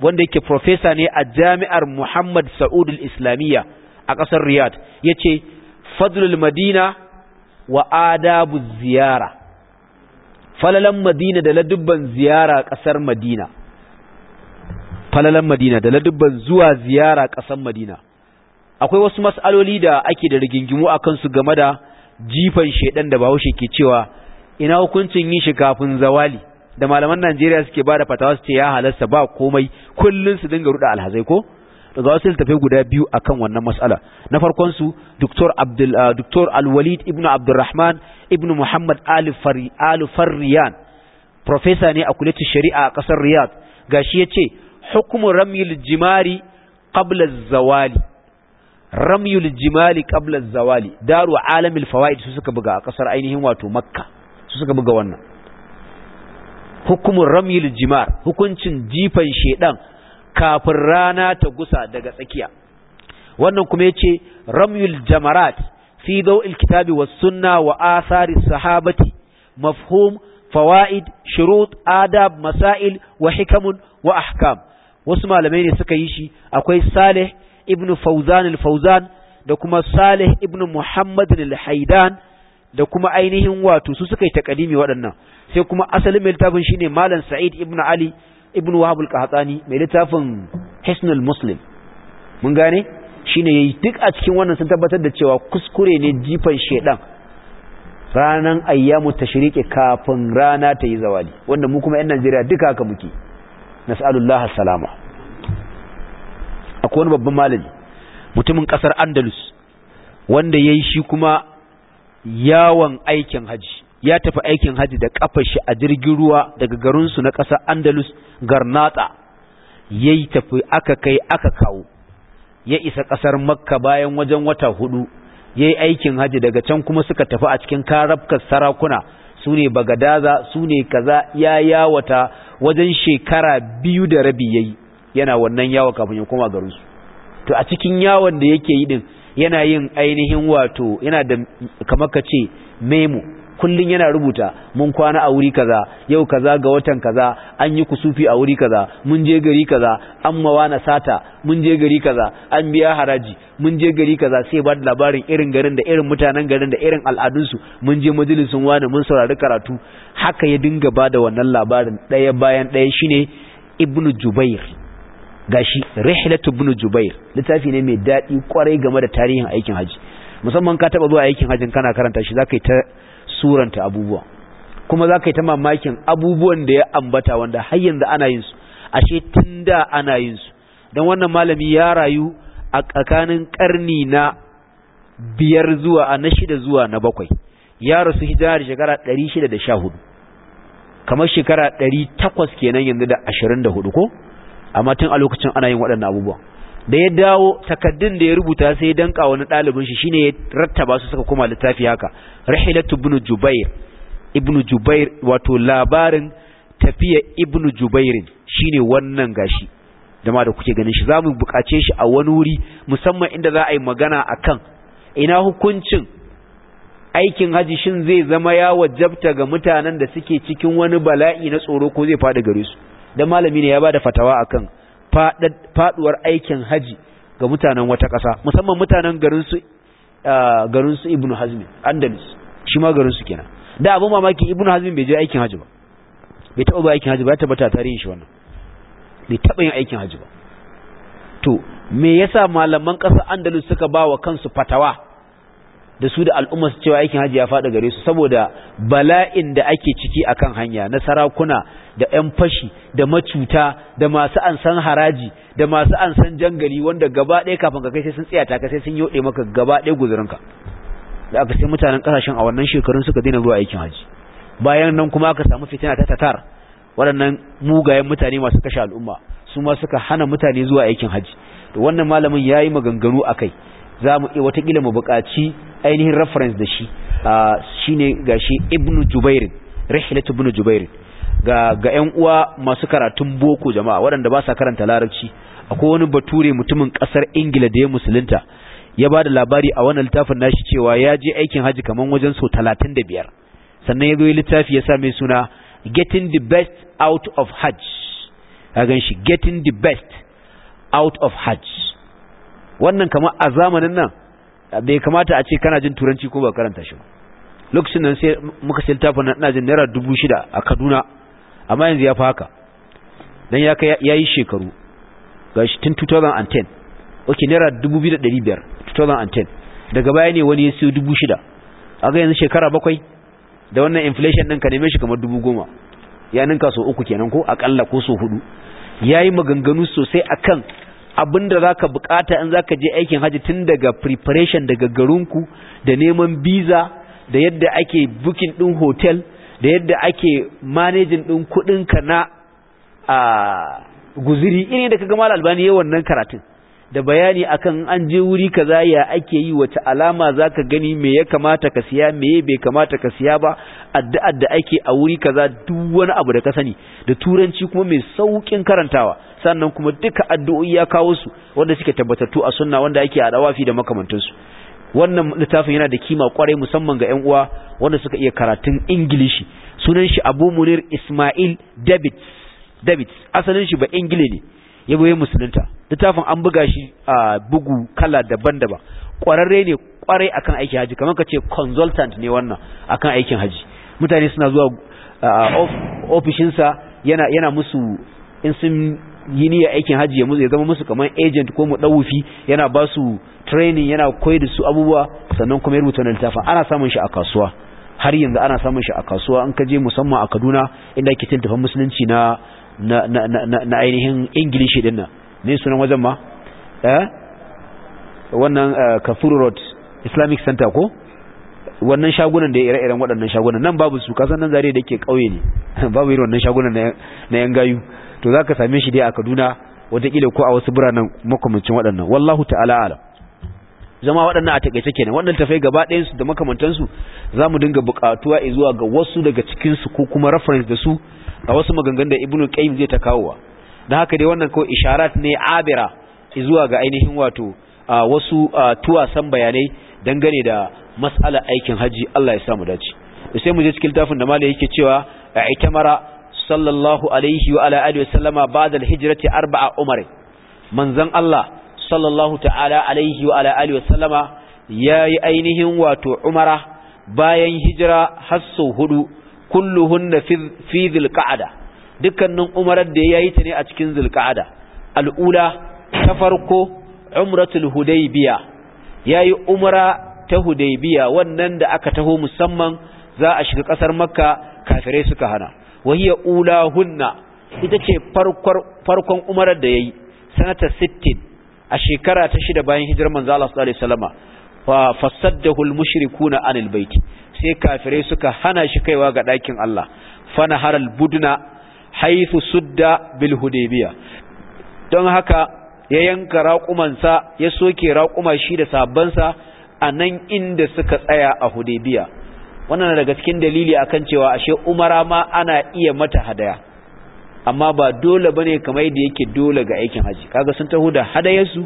wanda yake professor ne a jami'ar Muhammad Sa'ud al-Islamiyya a ƙasar Riyadh yace fadlul madina wa adabu ziyara falalan madina da ladubban ziyara ƙasar madina falalan madina da ladubban zuwa ziyara ƙasar madina akwai wasu mas'aloli da ake da rigingimu a kansu game da jifan shedan da bahaushe ke cewa ina hukuncin yin shi kafin zawali da malaman Najeriya suke bada fatawa su ce ya halasta ba komai kullun su dinga ruda alhazai ko za su tafi guda biyu akan wannan mas'ala na farkon su Dr. Abdul ah, Dr. Al-Walid ibn Abdurrahman ibn Muhammad Ali Fari Ali Farriyan professor ne a kulletin shari'a a kasar Riyadh gashi yace hukumu ramyul jimari qabla az-zawali ramyul jimali qabla az-zawali daru alamil fawaid su suka buga a kasar ainihin wato Makka su suka buga wannan hukumun Ramyul jimar hukuncin jifan shedan kafin rana ta gusa daga tsakiya wannan kuma ce ramyul jamarat fi dawil kitabi wa sunna wa asari sahabati mafhum fawaid shurut adab masail wa hikamun wa ahkam wasu malamai ne suka yi shi akwai salih ibnu fawzan al da kuma salih ibnu muhammad al-haidan da kuma ainihin wato su suka yi takalimi waɗannan sai kuma asalin mai littafin shine malam sa'id ibn ali ibn wahab al-qahtani mai littafin hisnul muslim mun gane shine yayi duk a cikin wannan sun tabbatar da cewa kuskure ne jifan shedan ranan ayyamu tashriqi kafin rana ta yi zawali wanda mu kuma yan Najeriya duka haka muke nas'alullahi salama akwai wani babban malami mutumin kasar Andalus wanda yayi shi kuma yawon aikin haji ya tafi aikin haji da kafar shi a jirgin ruwa daga garinsu na ƙasa andalus garnata ya yi tafi aka kai aka kawo ya isa ƙasar makka bayan wajen wata hudu ya yi aikin haji daga can kuma suka tafi a cikin karafkar sarakuna su ne bagadaza su ne kaza ya yawata wajen shekara biyu da rabi ya yi yana wannan yawon kafin ya koma garinsu to a cikin yawon da yake yi din yana yin ainihin wato yana da kamar ka ce memo kullun yana rubuta mun kwana a wuri kaza yau kaza ga watan kaza an yi kusufi a wuri kaza mun je gari kaza an mawa sata mun je gari kaza an biya haraji mun je gari kaza sai ba da labarin irin garin da irin mutanen garin da irin al'adunsu mun je majalisun wani mun saurari karatu haka ya dinga bada wannan labarin ɗaya bayan ɗaya shine ibnu jubair gashi rihlatu ibn jubair littafi ne mai dadi kwarai game da tarihin aikin haji musamman ka taba zuwa aikin hajin kana karanta shi zaka yi ta suranta abubuwa kuma zaka yi ta mamakin abubuwan da ya ambata wanda har yanzu ana yin su ashe tunda ana yin su dan wannan malami ya rayu a tsakanin karni na biyar zuwa a na shida zuwa na bakwai ya rasu hijira da shekara hudu kamar shekara 800 kenan yanzu da 24 ko amma tun a lokacin ana yin waɗannan abubuwa da ya dawo takaddun da ya rubuta sai ya danka wani ɗalibin shi shine ya rattaba su suka koma littafi haka rahilatu ibn jubair ibn jubair wato labarin tafiya ibn jubair shine wannan gashi jama'a da kuke ganin shi zamu bukace shi a wani wuri musamman inda za a yi magana akan ina hukuncin aikin haji shin zai zama ya wajabta ga mutanen da suke cikin wani bala'i na tsoro ko zai faɗi gare su dan malami ne ya bada fatawa akan faduwar aikin haji ga mutanen wata ƙasa musamman mutanen garin su garin su Ibn Hazm Andalus shi ma garin su kenan da abun mamaki Ibn Hazm bai je aikin haji ba bai taɓa ba aikin haji ba ya tabbata tarihin shi wannan bai taɓa yin aikin haji ba to me yasa malaman ƙasar Andalus suka ba wa kansu fatawa da su da al'umma su cewa aikin haji ya faɗa gare su saboda bala'in da ake ciki akan hanya na sarakuna da 'yan fashi da macuta da masu ansan haraji da masu ansan jangali wanda gaba ɗaya kafin ka kai sai sun tsiyata ka sai sun yoɗe maka gaba ɗaya guzurinka da aka sai mutanen ƙasashen a wannan shekarun suka daina zuwa aikin haji bayan nan kuma aka samu fitina ta tatar waɗannan mugayen mutane masu kashe al'umma su ma suka hana mutane zuwa aikin haji to wannan malamin ya yi maganganu a kai za mu iya watakila mu buƙaci ainihin reference da shi ah, shine gashi ibnu jubairin rihlatu ibnu jubairin ga ga ƴan uwa masu karatun boko jama'a waɗanda ba sa karanta larabci akwai wani bature mutumin ƙasar ingila da ya musulunta ya ba da labari a wannan littafin nashi cewa ya je aikin haji kaman wajen so talatin da biyar sannan ya zo littafi ya sa mai suna getting the best out of hajj ya gan shi getting the best out of hajj wannan kamar a zamanin nan bai kamata a ce kana jin turanci ko ba karanta shi lokacin nan sai muka sai littafin nan ina jin naira dubu shida a kaduna amma yanzu ya fi haka dan ya kai yayi shekaru gashi tun 2010 okay naira 2500 2010 daga baya ne wani ya siyo 6000 aga yanzu shekara bakwai da wannan inflation din ka neme shi kamar 10000 ya ninka so uku kenan ko akalla ko so hudu yayi maganganu sosai akan za zaka bukata in za ka je aikin haji tun daga preparation daga garinku da neman visa da yadda ake booking din hotel da yadda ake manejin ɗin kuɗinka na a guziri ine da kaga mal albani yawan nan karatun da bayani akan an je wuri kaza ya ake yi wace alama zaka gani me ya kamata ka siya me bai kamata ka siya ba addu'ar da ake a wuri kaza duk wani abu da ka sani da turanci kuma mai saukin karantawa sannan kuma duka addu'o'i ya kawo su wanda suke tabbatattu a sunna wanda ake a dawafi da makamantansu wannan littafin yana da kima kwarai musamman ga 'yan uwa wanda suka iya karatun ingilishi sunan shi Abu Munir Ismail david asalin shi ba ingile ne ya boye musulunta littafin an buga shi a bugu kala daban-daban kwararre ne kwarai akan aikin haji kamar ka ce consultant ne wannan akan aikin haji mutane suna zuwa ofishinsa yana yana musu in sun yi ya aikin hajji ya musu ya zama musu kamar agent ko mu dawufi yana ba su training yana koyar da su abubuwa sannan kuma ya rubuta na littafin ana samun shi a kasuwa har yanzu ana samun shi a kasuwa an kaje musamman a Kaduna inda ake tiltafan musulunci na na na na ainihin English din nan ne sunan wajen ma eh wannan eh, Kafuru Road Islamic Center ko wannan shagunan da ire-iren waɗannan shagunan nan babu su kasan nan zare da yake ƙauye ne babu irin wannan shagunan na yan gayu to zaka same shi dai a Kaduna kila ko a wasu biranen makamancin waɗannan wallahu ta'ala ala zama waɗannan a takaice kenan waɗannan tafai gaba ɗayan su da makamantan su mu dinga buƙatuwa zuwa ga wasu daga cikin su ko kuma reference da su a wasu maganganun da Ibnu Qayyim zai ta kawowa dan haka dai wannan ko isharat ne abira zuwa ga ainihin wato wasu tuwasan bayanai dangane da mas'alar aikin haji Allah ya mu dace sai mu je cikin tafin da malai yake cewa a sallallahu alaihi wa ala wasallama ba'da hijrati arba'a umar manzon Allah sallallahu ta'ala alaihi wa ala wasallama yayi ainihin wato umara bayan hijira har sau hudu kulluhunna fi dhilqa'ada dukkanin umarar da yayi ta ne a cikin dhilqa'ada al ta farko umratul hudaybiya yayi umara ta hudaybiya wannan da aka taho musamman za a shiga kasar makka kafirai suka hana wa hiya Hunna ita ce farkon umarar da yayi sanata 60 a shekara ta shida bayan hijirar manzo Allah sallallahu alaihi wasallama fa fasaddahu almushrikuna anil bait sai kafirai suka hana shi kaiwa ga dakin Allah fana haral budna haythu sudda bil hudaybiya don haka ya yanka raƙumansa ya soke raƙuma shi da sabansa a nan inda suka tsaya a hudaybiya wannan daga cikin dalili akan cewa ashe umara ma ana iya mata hadaya amma ba dole bane kamar yadda yake dole ga aikin haji kaga sun taho da hadayarsu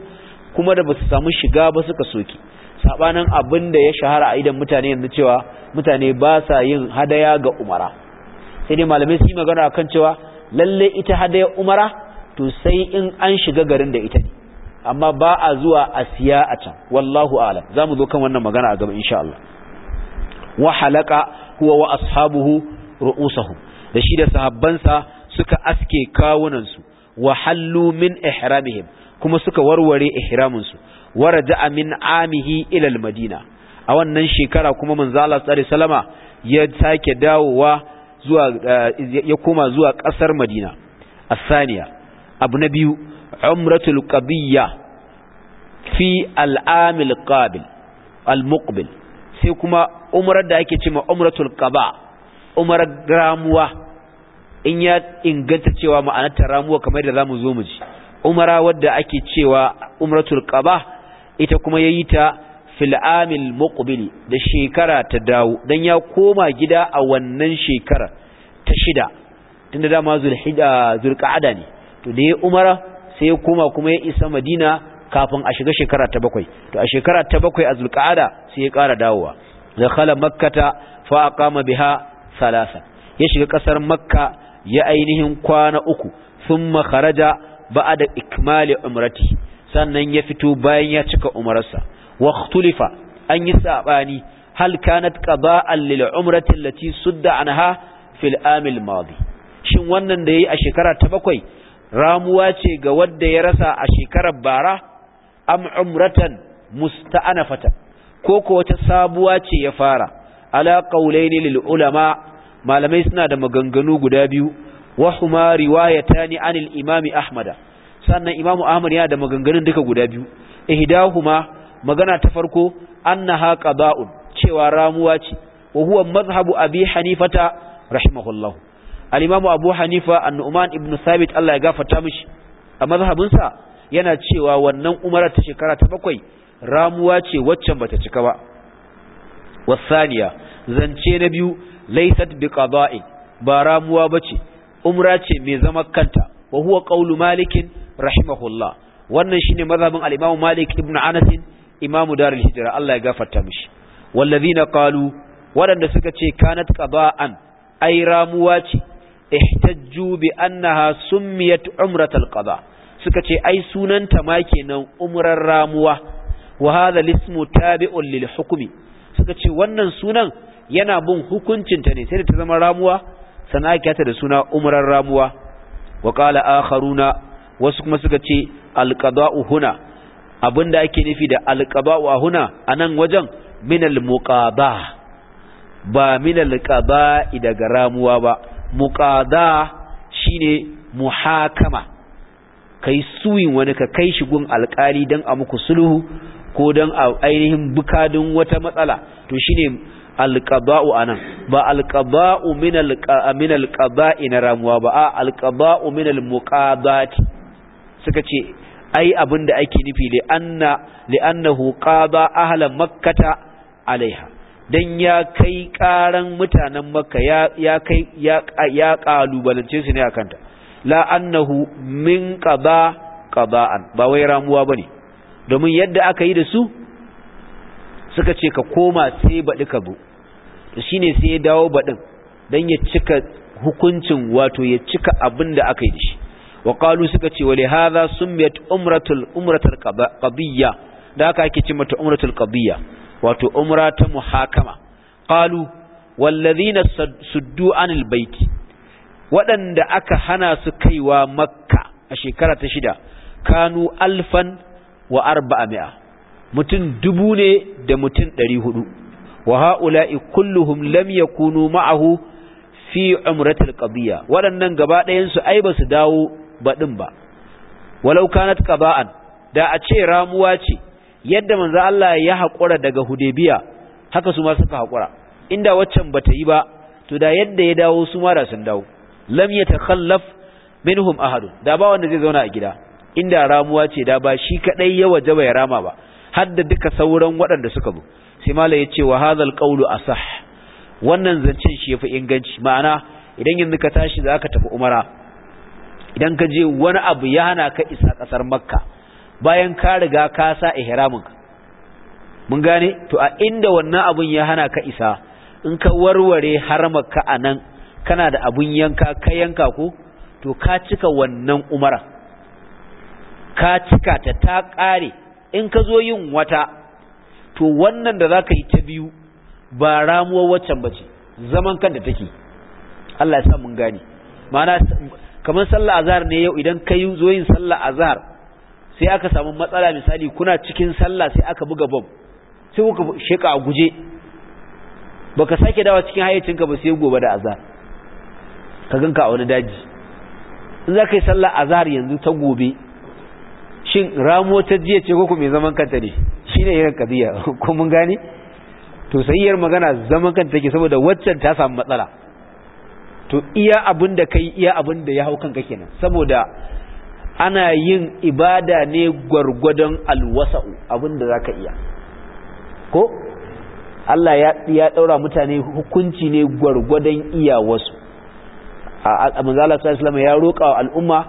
kuma da basu samu shiga ba suka soki sabanin abin da ya shahara a idan mutane yanzu cewa mutane ba sa yin hadaya ga umara sai dai malamai su yi magana akan cewa lalle ita hadayar umara to sai in an shiga garin da ita ne amma ba a zuwa a siya a can wallahu a'lam zamu zo kan wannan magana a gaba insha Allah wa halaka huwa wa ashabuhu ru'usahu da shi da sahabbansa suka aske kawunansu wa hallu min ihramihim kuma suka warware ihraminsu wa raja'a min amihi ila madina a wannan shekara kuma manzo Allah sallallahu salama ya take dawowa zuwa eh, ya koma zuwa kasar Madina asaniya abu na biyu umratul qabiyya fi al'amil qabil al-muqbil sai kuma umrar da ake cewa umratul qaba umrar ramuwa in ya inganta cewa ma'anar ta ramuwa kamar da zamu zo mu ji umara wadda ake cewa umratul qaba ita kuma yayi ta fil amil muqbil da shekara ta dawo dan ya koma gida a wannan shekara ta shida tunda dama zulhijja zulqa'ada ne to da ya umara sai ya koma kuma ya isa madina kafin a shiga shekara ta bakwai to a shekara ta bakwai a zulqa'ada sai ya ƙara dawowa khala makkata fa aqama biha salasa ya shiga ƙasar makka ya ainihin kwana uku thumma kharaja ba'da ikmali umrati sannan ya fito bayan ya cika umararsa waqtulifa an yi sabani hal kanat qada'an lil umrati allati sudda anha fil amil madi shin wannan da yayi a shekara ta bakwai ramuwa ce ga wanda ya rasa a shekarar bara am umratan musta'anafata ko ko wata sabuwa ce ya fara ala qaulaini lil ulama malamai suna da maganganu guda biyu wa huma riwayatani anil imami ahmada sannan imamu ahmad yana da maganganun duka guda biyu ihdahuma magana ta farko annaha qada'un cewa ramuwa ce wa huwa madhhabu abi hanifata rahimahullahu al-imamu abu hanifa an-nu'man ibn thabit Allah ya gafarta mishi a mazhabinsa yana cewa wannan umara ta shekara ta bakwai ramuwa ce waccan bata cika ba wasaniya zance na biyu laysat biqada'i ba ramuwa bace umra ce mai zama kanta wa huwa malikin malik rahimahullah wannan shine mazhabin al-imam malik ibn anas imam darul hijra Allah ya gafarta mishi na qalu wadanda suka ce kanat qada'an ai ramuwa ce ihtajju bi annaha summiyat umratul qada' suka ce ai sunanta ma kenan umrar ramuwa wa hadha lismu tabi'un lil hukmi suka ce wannan sunan yana bin hukuncin ta ne sai da ta zama ramuwa sana ta da suna umrar ramuwa wa qala akharuna wasu kuma suka ce alqada'u huna abinda ake nufi da alqada'u huna anan wajen min almuqada ba min alqada'i daga ramuwa ba muqada shine muhakama kai suyin wani ka kai shi gun alƙali dan a muku sulhu ko dan a ainihin bukadun wata matsala to shine a nan, ba alƙaba'u min alƙaba'i na ramuwa ba a alƙaba'u min almuqabati suka ce ai abinda ake nufi li anna annahu qaba ahlan makkata alaiha dan ya kai ƙaran mutanen makka ya ya kai ya ya su ne akanta la annahu min qada qada'an ba wai ramuwa bane domin yadda aka yi da su suka ce ka koma sai baɗi ka bu shine sai ya dawo baɗin dan ya cika hukuncin wato ya cika abin da aka yi da shi wa qalu suka ce wa hadha summiyat umratul umratul qadiyya da aka ake ce mata umratul qadiyya wato umra ta muhakama qalu ladina suddu anil baiti. waɗanda aka hana su kaiwa makka a shekara ta shida kanu alfan wa arba'a mutum dubu ne da mutum ɗari hudu wa ha'ula'i kulluhum lam yakunu ma'ahu fi umratil qadiyya waɗannan gaba ɗayansu su ai basu dawo baɗin ba walau kanat qaba'an da a ce ramuwa ce yadda manzo Allah ya haƙura daga hudebiya haka su ma suka haƙura inda waccan bata yi ba to da yadda ya dawo su ma da sun dawo lam yatakhallaf minhum ahad da ba wanda zai zauna a gida inda ramuwa ce da ba shi kadai ya waje bai rama ba har da duka sauran waɗanda suka bu sai mala ce wa hadhal qawlu asah wannan zancen shi yafi inganci ma'ana idan yanzu ka tashi zaka tafi umara idan ka je wani abu ya hana ka isa kasar makka bayan ka riga ka sa ihramin mun gane to a inda wannan abun ya hana ka isa in ka warware haramaka a nan kana da abun yanka ka yanka ko to ka cika wannan umara ka cika ta ta ƙare in ka zo yin wata to wannan da za yi ta biyu ba ramuwar waccan ba ce zaman kanta take Allah ya sa mun gane ma'ana kamar sallah azhar ne yau idan ka zo yin sallah azhar sai aka samu matsala misali kuna cikin sallah sai aka buga bom sai kuka sheka a guje baka sake dawa cikin hayyacinka ba sai gobe da azhar ka ganka a wani daji in za ka yi sallah zahar yanzu ta gobe shin ramo ta jiya ce ko mai zaman kanta ne shine yin kadiya ko mun gane to sayyar magana zaman kanta take saboda waccan ta samu matsala to iya abin da kai iya abin da ya hau kanka kenan saboda ana yin ibada ne gwargwadon alwasa'u abin da zaka iya ko Allah ya ya daura mutane hukunci ne gwargwadon wasu. manzala ya roƙa wa al'umma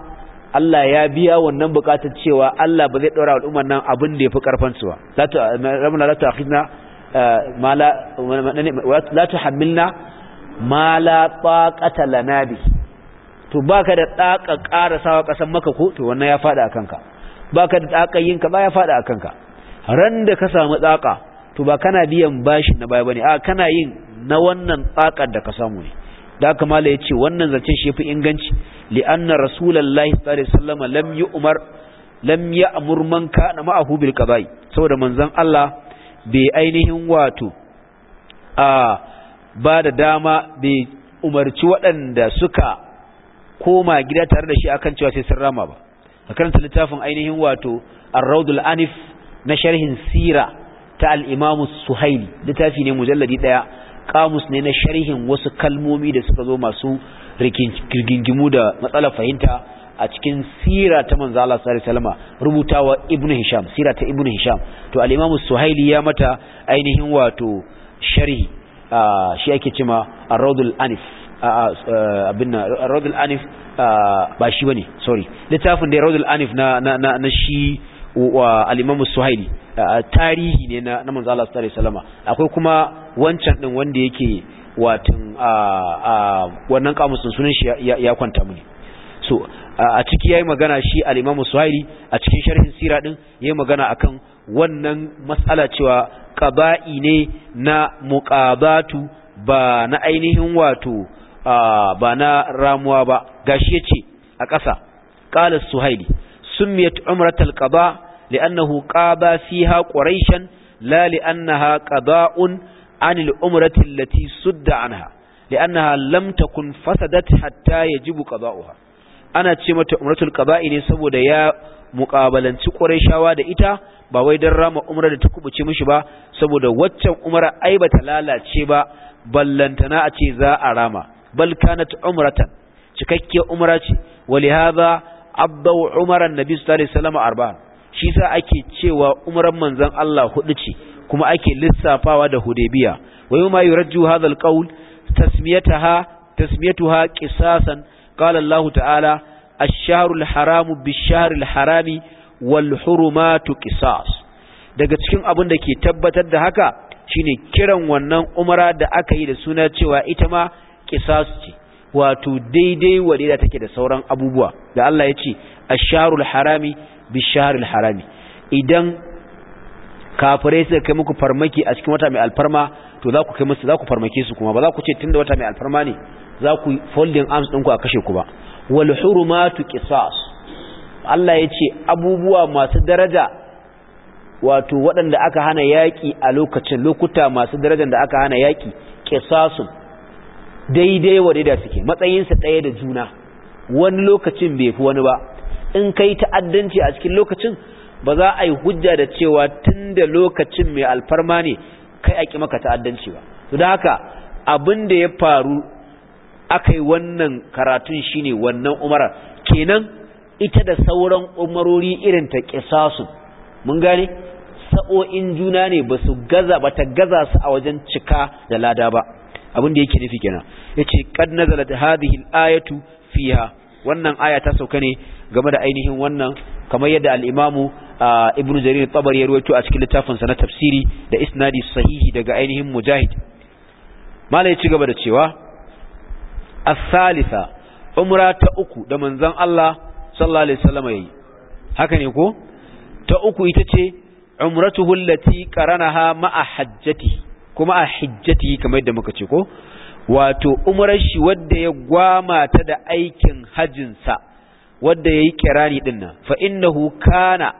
Allah ya biya wannan buƙatar cewa Allah ba zai daura al'umman nan abin da yafi fi su ba la ta ramna la ta eh, ma la la tuhammilna ma la lana to baka da daka sawa kasan maka ko to wannan ya fada akan ka baka da daka yin ka ba ya fada akan ka ran da ka samu daka to ba kana biyan bashi na baya ba ne a kana yin na wannan tsakar da ka samu ne da haka mala ya ce wannan zancen shi fi inganci li'anna rasulallahi sallallahu alaihi wasallam lam yu'mar lam ya'mur man kana ma'ahu bil qaba'i saboda manzon Allah bai ainihin wato a ba da dama bai umarci waɗanda suka koma gida tare da shi akan cewa sai sun rama ba a karanta littafin ainihin wato ar-raudul anif na sharhin sira ta al-imam suhaili littafi ne mujalladi daya kamus ne na sharhin wasu kalmomi da suka zo masu rigingimu da matsalar fahimta a cikin sira ta manzo Allah sallallahu alaihi wasallam rubutawa Ibn Hisham sira ta Ibn Hisham to al-Imam Suhaili ya mata ainihin wato sharhi shi ake cewa Ar-Rawdul Anif abinna Ar-Rawdul Anif ba shi bane sorry littafin da ar Anif na na na shi al-Imam Suhaili tarihi ne na manzo Allah sallallahu alaihi wasallam akwai kuma wancan din wanda yake watan wannan kamusin sunan shi ya kwanta mu so a ciki yayi magana shi al-Imam Suhaili a cikin sharhin sira din yayi magana akan wannan mas'ala cewa qaba'i ne na muqabatu ba na ainihin wato ba na ramuwa ba gashi yace a ƙasa qala Suhaili summiyat umratul qaba li'annahu qaba fiha quraishan la li'annaha qada'un عن الأمرة التي سد عنها لأنها لم تكن فسدت حتى يجب قضاؤها أنا تشمة أمرة القضاء نسبو ديا مقابلا تقري شاوى دئتا باوي درام أمرة تكب تشمش با سبو دا واتم أمرة أيبة لالا تشيبا بل لن تناعتي ذا أراما بل كانت أمرة cikakke umra ce walihaza abdau umaran nabi sallallahu alaihi wasallam arba'an shi sa ake cewa umran manzon Allah hudu ce kuma ake lissafawa da hudebiya wa yuma yurajju hadha alqawl tasmiyataha tasmiyatuha qisasan qala Allah ta'ala ash-shahru haramu bish-shahri harami wal-hurumatu daga cikin abin da ke tabbatar da haka shine kiran wannan umara da aka yi da suna cewa ita ma ƙisas ce wato daidai da take da sauran abubuwa da Allah ya ce ash-shahru harami bish harami idan kafirai suka kai muku farmaki a cikin wata mai alfarma to za ku kai musu za ku farmake su kuma ba za ku ce tunda wata mai alfarma ne za ku folding arms ɗinku a kashe ku ba wal hurumatu qisas Allah ya ce abubuwa masu daraja wato waɗanda aka hana yaƙi a lokacin lokuta masu darajar da aka hana yaƙi qisasun daidai wa daidai suke matsayinsa ɗaya da juna wani lokacin bai fi wani ba in kai ta'addanci a cikin lokacin ba za a yi hujja da cewa tun lokacin mai alfarma ne kai a maka ta'addanci ba to da haka abin da ya faru aka yi wannan karatun shine wannan umarar kenan ita da sauran umarori irin ta kisasu mun gane sa'o'in juna ne ba su gaza ba ta gaza su a wajen cika da lada ba abin da yake nufi kenan yace qad nazalat hadhihi al-ayatu fiha wannan aya ta sauka ne game da ainihin wannan kamar yadda al ibnu jarir tabari ya ruwaito a cikin littafin sa na tafsiri da isnadi sahihi daga ainihin mujahid mala ya ci gaba da cewa as-salisa umra ta uku da manzon Allah sallallahu alaihi wasallam yayi haka ne ko ta uku ita ce umratuhu allati qaranaha ma'a hajjati kuma a hajjati kamar yadda muka ce ko wato umrar shi wadda ya gwama ta da aikin hajjinsa wadda yayi kirani din fa innahu kana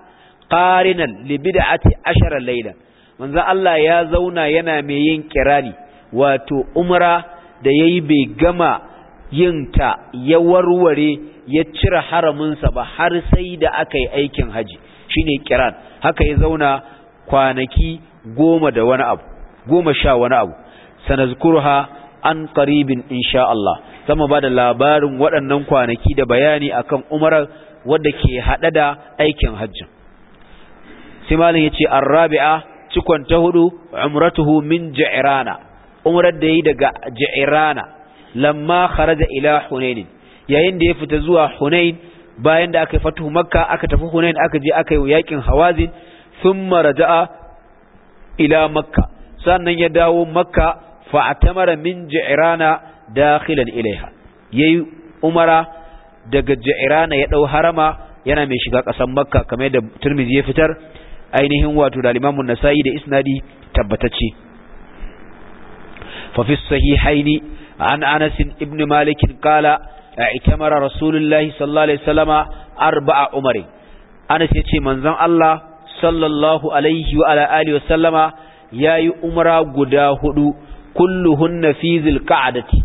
qarinan li bid'ati ashara layla manzo Allah ya zauna yana mai yin kirani wato umra da yayi bai gama yin ta ya warware ya cire haraminsa ba har sai da aka yi aikin haji shine kiran haka ya zauna kwanaki goma da wani abu goma sha wani abu sanazkurha an qaribin insha Allah zama ba da labarin waɗannan kwanaki da bayani akan umarar wadda ke haɗa da aikin hajjin sai ya ce an rabia cikon ta hudu umratuhu min ja'irana umrar da yi daga ja'irana lamma kharaja ila hunain yayin da ya fita zuwa hunain bayan da aka fatu makka aka tafi hunain aka je aka yi yakin hawazin thumma raja'a ila makka sannan ya dawo makka fa atamara min ja'irana dakhilan ilaiha yayi umara daga ja'irana ya dau harama yana mai shiga ƙasar makka kamar da turmizi ya fitar ainihin wato da Imam nasai da isnadi tabbatacce fa fi sahihaini an Anas ibn Malik qala i'tamara Rasulullahi sallallahu alaihi wasallama arba'a umari Anas yace manzon Allah sallallahu alaihi wa ala alihi wasallama yayi umra guda hudu kulluhunna fi zilqa'dati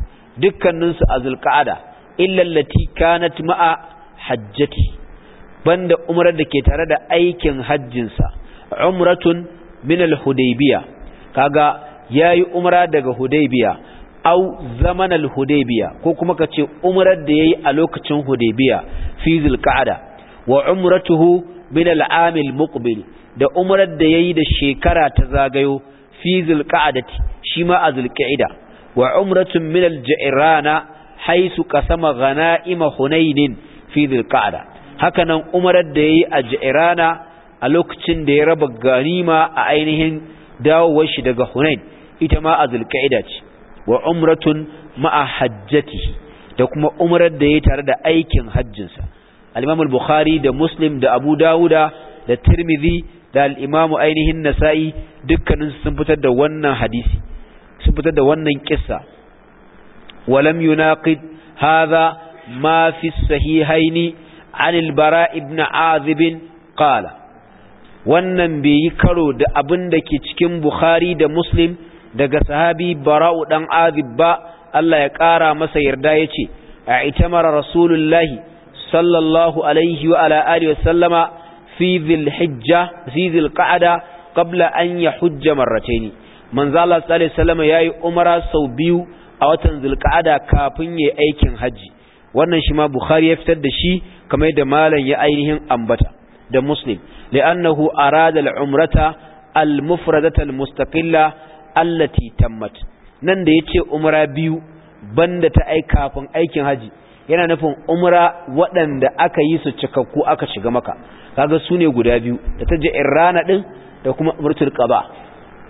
dukkaninsu a zilqa'da illa allati kanat ma'a hajjati banda umrar da ke tare da aikin hajjinsa umratun min al-hudaybiya kaga yayi umra daga hudaybiya au zaman al-hudaybiya ko kuma kace umrar da yayi a lokacin hudaybiya fi zulqa'da wa umratuhu min al-am al-muqbil da umrar da yayi da shekara ta zagayo fi zulqa'dati shi ma a zulqa'ida wa umratun min al-ja'irana haythu qasama ghanaima hunainin fi zulqa'da haka nan umarar da ya yi a ja'irana a lokacin da ya raba ganima a ainihin dawowar shi daga hunain ita ma a zulka'ida ce wa umratun ma'a hajjatihi da kuma umarar da ya yi tare da aikin hajjinsa al bukhari da muslim da abu dawuda da tirmidhi da Alimamu ainihin nasa'i dukkanin sun fitar da wannan hadisi sun fitar da wannan kissa walam yunaqid hadha ma fi sahihaini anil bara azibin qala wannan bai yi karo da abin da ke cikin bukhari da muslim daga sahabi bara'u dan azib ba Allah ya ƙara masa yarda ya ce a itamara rasulullahi sallallahu alaihi wa ala alihi wa sallama fi zilhijja fi zilqa'ada qabla an ya marrataini manzo Allah sallallahu alaihi wa sallama yayi umara sau biyu a watan zulqa'ada kafin yayi aikin haji wannan shi ma bukhari ya fitar da shi kamar da malam ya ainihin ambata da muslim li'annahu arada al-umrata al-mufradata al-mustaqilla allati tammat nan da yace umra biyu banda ta ai kafin aikin haji yana nufin umra waɗanda aka yi su cikakku aka shiga maka kaga sune guda biyu da ta je irrana din da kuma umratul qaba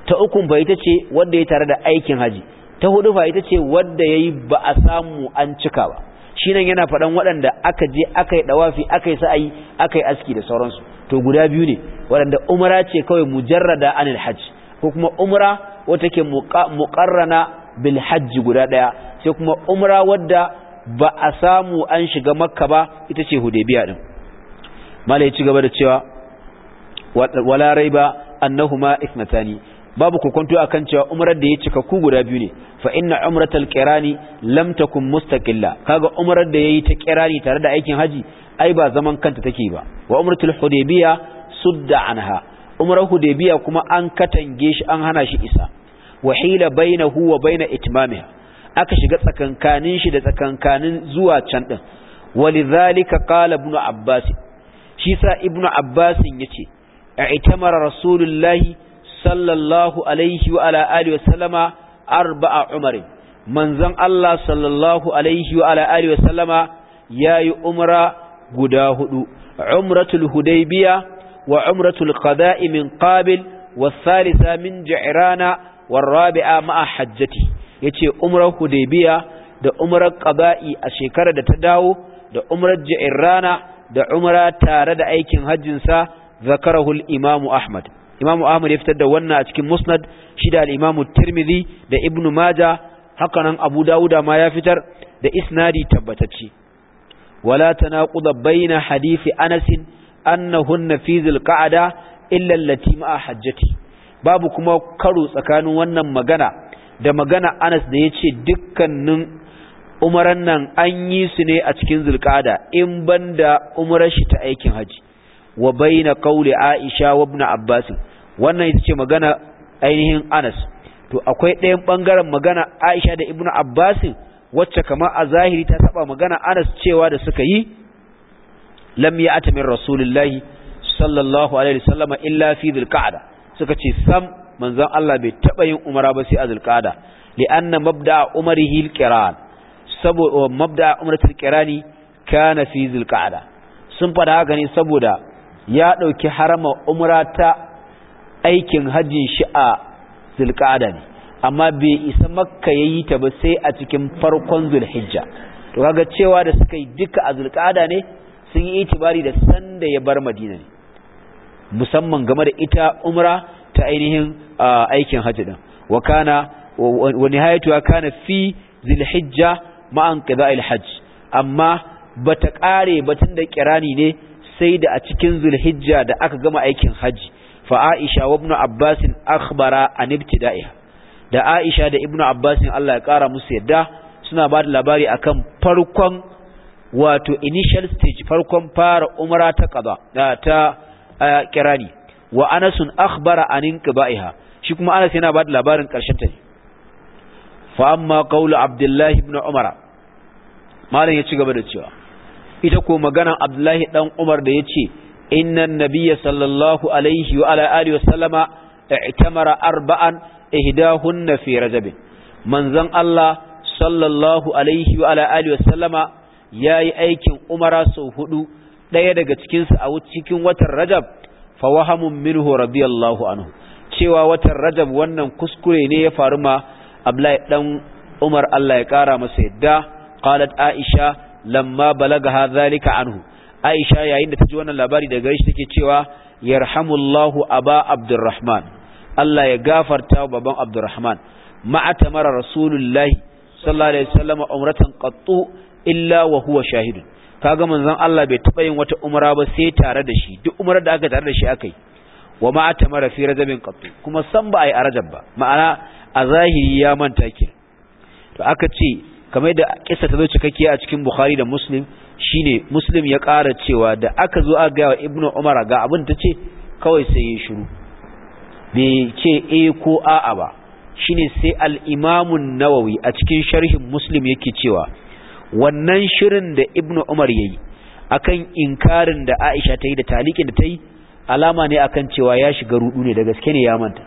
ta uku ba ita ce wanda ya tare da aikin haji ta hudu ba ita ce wanda yayi ba a samu an cika ba Shinan yana faɗan waɗanda aka je aka yi ɗawafi aka yi sa'ayi aka yi aski da sauransu to guda biyu ne waɗanda umara ce kawai mujarrada anil hajji ko kuma umara wata ke muƙarrana bil hajji guda ɗaya sai kuma umara wadda ba a samu an shiga makka ba ita ce hudebiya ɗin mala ya ci gaba da cewa wala raiba ma babu kokonto kan cewa umrar da ya cika ku guda biyu ne fa inna umratal qirani lam takun mustaqilla kaga umrar da yayi ta qirani tare da aikin haji ai ba zaman kanta take ba wa umratul hudaybiya sudda anha umrar hudaybiya kuma an katange shi an hana shi isa wa hila bainahu wa baina itmamiha aka shiga tsakankanin shi da tsakankanin zuwa can din walidhalika qala ibn abbas shi sa ibn abbas yace itamara rasulullahi sallallahu alaihi wa ala wa sallama arba'a umarin manzon Allah sallallahu alaihi wa ala alihi wa sallama yayi umra guda hudu umratul hudaybiya wa umratul qada'i min qabil wa thalitha min ji'rana wa rabi'a ma'a hajjati ce umrar Hudaibiya da umrar qada'i a shekarar da ta dawo da umrar ji'rana da umra tare da aikin hajjinsa zakarahul imamu ahmad imamu ahmad ya fitar da wannan a cikin musnad shi da al tirmidhi da ibnu maja haka nan abu dawuda ma ya fitar da isnadi tabbatacce wala tanaquda baina hadisi anas annahunna fi zilqa'da illa allati ma'a hajjati babu kuma karo tsakanin wannan magana da magana anas da yace dukkanin umaran nan an yi su ne a cikin zulqada in banda umrar shi ta aikin haji wa baina qawli aisha wa ibn abbas wannan ita ce magana ainihin Anas to akwai ɗayan bangaren magana Aisha da Ibnu Abbasin wacce kama a zahiri ta saba magana Anas cewa da suka yi lam ya'ti min rasulillahi sallallahu alaihi wasallam illa fi dhulqa'da suka ce sam manzon Allah bai taba yin umara ba sai a dhulqa'da li'anna mabda'a umarihi al-qiran saboda mabda'a umratul qirani kana fi dhulqa'da sun fada haka ne saboda ya dauki harama umrata aikin hajjin shi a zulƙada ne amma bai isa makka yi ta ba sai a cikin farkon zulhijja to kaga cewa da suka yi duka a zulƙada ne sun yi itibari da sanda ya bar madina ne musamman game da ita umra ta ainihin aikin hajji din wa kana wa nihayatu kana fi zulhijja ma'an qida'il hajj amma bata kare batun da kirani ne sai da a cikin zulhijja da aka gama aikin hajji fa Aisha wa Ibn Abbasin akhbara a ibtida'iha da Aisha da Ibn Abbasin Allah ya kara musu yadda suna ba da labari akan farkon wato initial stage farkon fara umra ta qada eh, ta eh, kirani wa Anas akhbara an inqiba'iha shi kuma Anas yana ba da labarin karshen ta fa amma qawlu Abdullahi ibn Umar malam ya ci gaba da cewa ita ko maganan Abdullahi dan Umar da yace إن النبي صلى الله عليه وعلى آله وسلم اعتمر أربعا إهداهن في رجب من ذن الله صلى الله عليه وعلى آله وسلم يا أيكم أمرا سوهدو ɗaya daga cikinsa a cikin watan rajab fawahamun minhu radiyallahu anhu cewa watan rajab wannan kuskure ne ya faru ma Abdullahi ɗan Umar Allah ya ƙara masa yadda qalat Aisha lamma balagaha anhu Aisha yayin da ta ji wannan labari daga gare shi take cewa yarhamullahu aba Abdurrahman Allah ya gafarta wa baban Abdurrahman ma'atamar rasulullahi sallallahu alaihi wasallam umratan qattu illa wa huwa shahidun kaga manzon Allah bai taba yin wata umra ba sai tare da shi duk umrar da aka tare da shi akai wa ma'atamar fi rajabin qattu kuma san ba ai arajab ba ma'ana a zahiri ya manta ki to aka ce kamar da kissa ta zo cikakke a cikin Bukhari da Muslim shine muslim ya ƙara cewa da aka zo aka gawa ibnu umar ga abin ta ce kawai sai ya shiru bai ce e ko a'a ba shine sai al-imamun nawawi a cikin sharhin muslim yake cewa wannan shirin da ibnu umar yayi akan inkarin da aisha ta yi da talikin da ta yi alama ne akan cewa ya shiga rudu ne da gaske ne ya manta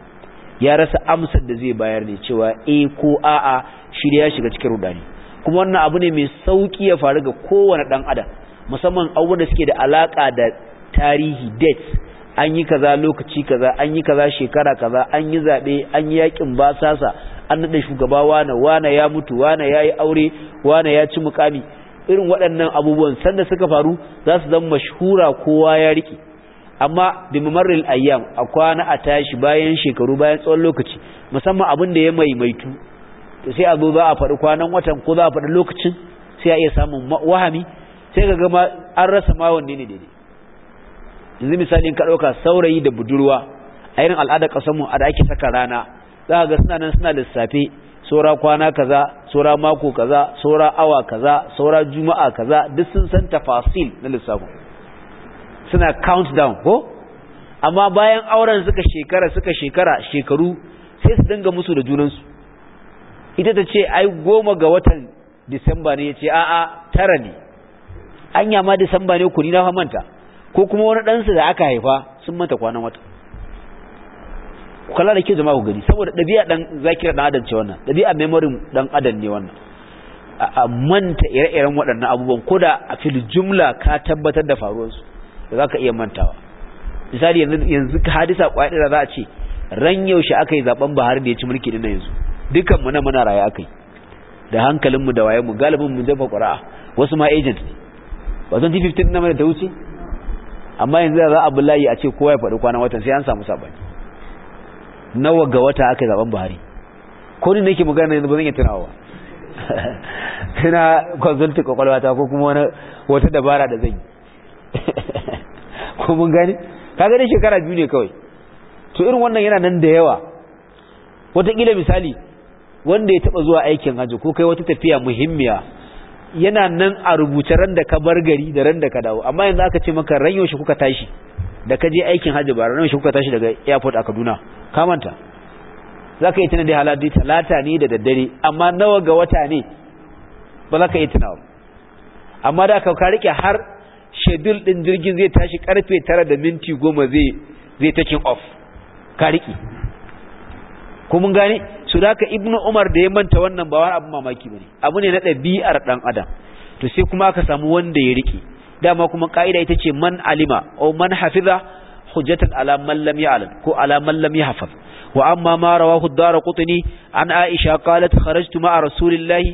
ya rasa amsar da zai bayar ne cewa e ko a'a shi ya shiga cikin rudani kuma wannan abu ne mai sauki ya faru ga kowane ɗan adam musamman abubuwan da suke da alaka da tarihi dates an yi kaza lokaci kaza an yi kaza shekara kaza an yi zaɓe, an yi yakin basasa an naɗe shugaba wana wane ya mutu wane yi aure wana ya ci mukami irin waɗannan abubuwan sanda suka faru za su zama mashura kowa ya rike amma da mamarin ayyam a kwana a tashi bayan shekaru bayan tsawon lokaci musamman abin da ya maimaitu to sai a zo za a faɗi kwanan watan ko za a faɗi lokacin sai a iya samun wahami sai ka gama an rasa ma wanne ne daidai yanzu misali in ka ɗauka saurayi da budurwa a irin al'adar mu a da ake saka rana za ka ga suna nan suna lissafe saura kwana kaza saura mako kaza saura awa kaza saura juma'a kaza duk sun san tafasil na lissafin suna countdown ko amma bayan auren suka shekara suka shekara shekaru sai su dinga musu da junansu ita ta ce ai goma ga watan disamba ne ya ce a'a tara ne an yama disamba ne ku ni na manta ko kuma wani ɗansu da aka haifa sun manta kwanan wata ku da ke zama ku gani saboda ɗabi'a ɗan zakira ɗan adam wannan ɗabi'a memorin ɗan adam ne wannan a manta ire-iren waɗannan abubuwan ko da a fil jumla ka tabbatar da faruwarsu da za ka iya mantawa misali yanzu hadisa kwaɗira za a ce ran yaushe aka yi zaɓen buhari da ya ci mulki ɗin yanzu dukan mu na muna raye kai da hankalin mu da wayen mu galibin mu jafa qura'a wasu ma agent ne wasan ji 15 na mai da wuce amma yanzu za Abdullahi a ce kowa ya faɗi kwana watan sai an samu sabani nawa ga wata aka zaben Buhari ko ni nake magana yanzu ba zan iya tunawa tana consulting kwakwalwa ta ko kuma wani wata dabara da zan yi ko mun gani ka gani shekara biyu ne kawai to irin wannan yana nan da yawa wataƙila misali wanda ya taba zuwa aikin hajji ko kai wata tafiya muhimmiya yana nan a rubuce ran da ka bar gari da ran da ka dawo amma yanzu aka ce maka ran yaushe kuka tashi da ka je aikin hajji ba ran yaushe kuka tashi daga airport a Kaduna ka manta zaka yi tana da haladi talata ne da daddare amma nawa ga wata ne ba za yi tana amma da ka rike har schedule din jirgin zai tashi karfe 9 da minti 10 zai zai taking off ka rike ko mun gane su da haka ibnu umar da ya manta wannan ba wani abu mamaki ne abu ne na ɗabi'ar ɗan adam to sai kuma aka samu wanda ya rike dama kuma ka'ida ita ce man alima o man hafiza hujjatan ala man lam ya'lam ko ala man lam yahfaz wa amma ma rawahu ad-darqutni an aisha qalat kharajtu ma'a rasulillahi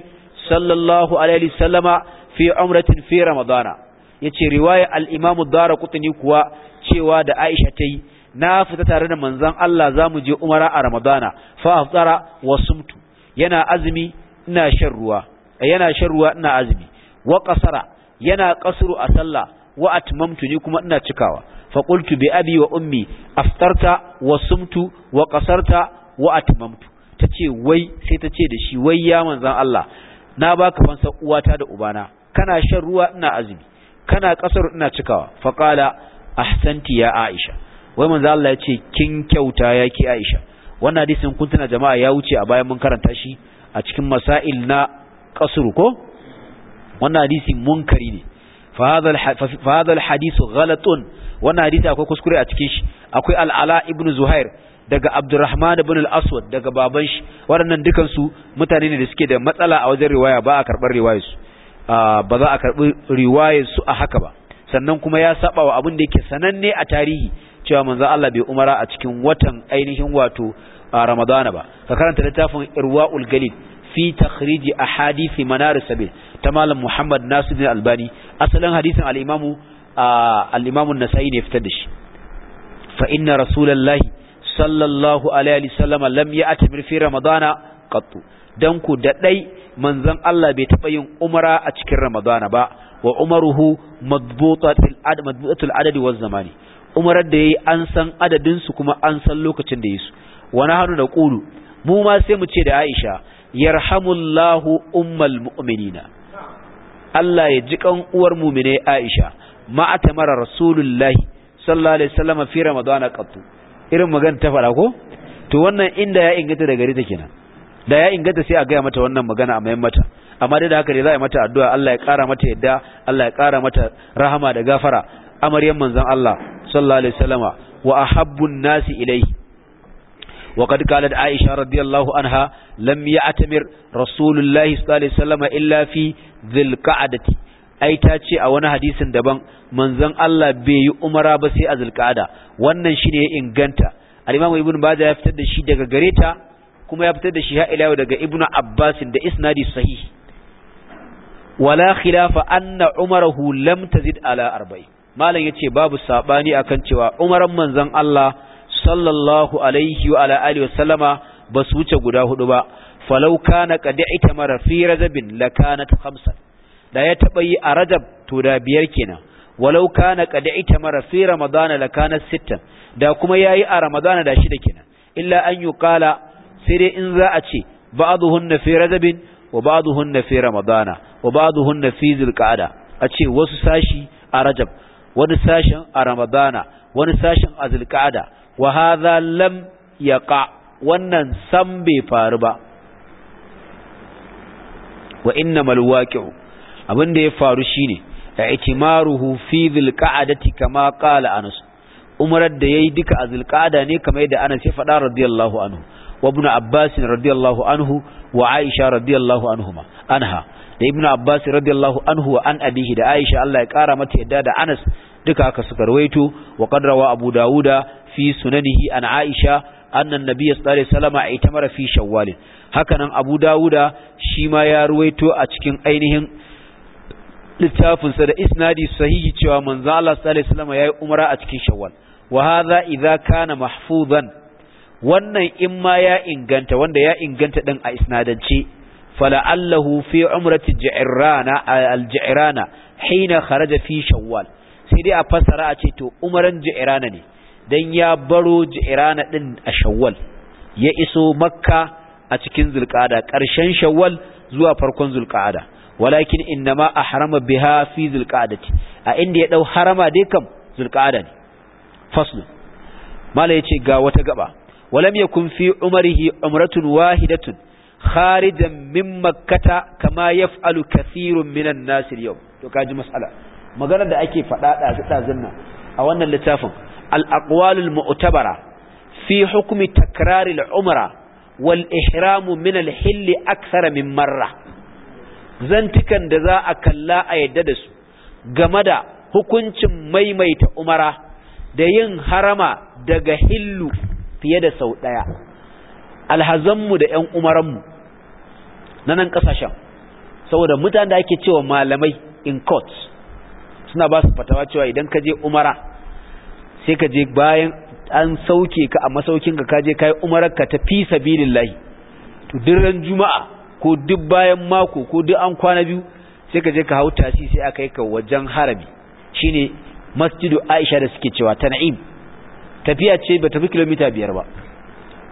sallallahu alaihi wasallama fi umratin fi ramadana yace riwaya al-imam ad-darqutni kuwa cewa da aisha tayi na fita tare da manzon Allah za mu je umara a ramadana fa aftara wa sumtu yana azumi ina shan ruwa eh, yana shan ruwa ina azumi wa qasara yana qasru a sallah wa atmamtu ni kuma ina cikawa fa qultu bi abi wa ummi aftarta wa sumtu wa qasarta wa atmamtu tace wai sai tace da shi wai ya manzon Allah na baka fansa uwata da ubana kana shan ruwa ina azumi kana kasar ina cikawa fa qala ahsanti ya aisha wai manzo Allah ya ce kin kyauta ya ki Aisha wannan hadisin kun tana jama'a ya wuce a bayan mun karanta shi a cikin masail na qasru ko wannan hadisi munkari ne fa hadha al hadisu ghalatun wannan hadisi akwai kuskure a cikin shi akwai al-ala ibn zuhair daga abdurrahman ibn al-aswad daga baban shi waɗannan dukan su mutane ne da suke da matsala a wajen riwaya ba a karɓar riwayar su ba za a karɓi riwayar su a haka ba sannan kuma ya saba wa abin da yake sananne a tarihi cewa manzo Allah bai umara a cikin watan ainihin wato Ramadana ba ka karanta littafin Irwaul Galil fi takhriji ahadisi manar sabil ta malam Muhammad Nasiruddin Albani asalin hadisin al-Imam al-Imam an-Nasa'i ne fitar da shi fa inna rasulullahi sallallahu alaihi wasallam lam ya'tamir fi Ramadana qattu dan ku da dai manzon Allah bai taba yin umara a cikin Ramadana ba wa umaruhu madbutatul adad madbutatul adad waz zamani umarar da yayi an san adadin su kuma an san lokacin da wani hannu da kulu mu ma sai mu ce da Aisha yarhamullahu ummal mu'minina Allah ya ji kan uwar mu'mine Aisha ma atamara rasulullahi sallallahu alaihi wasallam fi ramadana qattu irin magan ta fara ko to wannan inda ya ingata da gari ta kenan da ya ingata sai a gaya mata wannan magana a mayan mata amma dai da haka dai za a mata addu'a Allah ya kara mata yadda Allah ya kara mata rahama da gafara amaryan manzon Allah sallallahu alaihi wasallama wa ahabbun nasi ilayhi وقد قالت عائشة رضي الله عنها لم يعتمر رسول الله صلى الله عليه وسلم ai ta ce a wani hadisin daban manzon Allah bai yi umara ba sai a zulqa'ada wannan shine ya inganta al-Imam Ibn Majah ya fitar da shi daga gareta kuma ya fitar da shi ha ila daga Ibn Abbas da isnadi sahih wala khilafa anna umarahu lam tazid ala arba'in malam yace babu sabani akan cewa umaran manzon Allah sallallahu alaihi wa ala alihi wasallama basu wuce guda hudu ba falau kana qad itamara fi rajabin lakanat khamsan da ya taba yi a rajab to da biyar kenan walau kana qad itamara fi ramadana lakanat sittan da kuma yayi a ramadana da shida kenan illa an yuqala sai dai in za a ce ba'dhunna fi rajabin wa fi ramadana wa ba'dhunna fi a ce wasu sashi a rajab wani sashin a ramadana wani sashin a zulqa'ada wa hadha lam yaqa wannan san bai faru ba wa innamal waqi'u abin da ya faru shine i'timaruhu fi ti kama ƙala anas umrar da yayi duka a zulqa'ada ne kamar yadda Anas ya faɗa radiyallahu anhu wa Abbasin radiyallahu anhu wa Aisha radiyallahu ma anha da ibn abbas radiyallahu anhu wa an abihi da aisha Allah ya kara mata yadda da anas duka haka suka rawaito wa qad rawa abu dauda fi sunanihi an aisha anna an sallallahu alaihi wasallam aitamara fi shawwal hakanan abu dauda shi ma ya rawaito a cikin ainihin littafin sa da isnadi sahihi cewa manzo Allah sallallahu alaihi wasallam yayi umra a cikin shawwal wa hadha idza kana mahfuzan wannan in ma ya inganta wanda ya inganta din a isnadance fala'allahu fi umrati ji'rana al-ji'rana hina kharaja fi shawwal sai dai a fassara a ce to umaran ji'rana ne dan ya baro ji'rana ɗin a shawwal ya iso makka a cikin zulqa'ada ƙarshen shawwal zuwa farkon zulqa'ada walakin innama ahrama biha fi zulqa'adati a inda ya ɗau harama dai kam zulqa'ada ne faslu mala yace ga wata gaba walam yakun fi umrihi umratun wahidatun kharijan min makkata kama yaf'alu kathirun minan nas al to kaji mas'ala da ake faɗa da dazun a wannan littafin al-aqwal mutabara fi hukmi takrar umra wal ihram min al-hill akthar min marra da za a kalla a yadda da su game da hukuncin maimaita umara da yin harama daga hillu fiye da sau ɗaya alhazanmu da ‘yan umaranmu na nan ƙasashen saboda mutane da ake cewa malamai in court suna ba su fatawa cewa idan ka je umara sai ka je bayan an sauke ka a masaukin ka je kai umarar ka ta fi sabilillahi to duk juma'a ko duk bayan mako ko duk an kwana biyu sai ka je ka hau tasi sai aka yi ka wajen harabi shine masjidu aisha da suke cewa ta na'im tafiya ce ba tafi kilomita biyar ba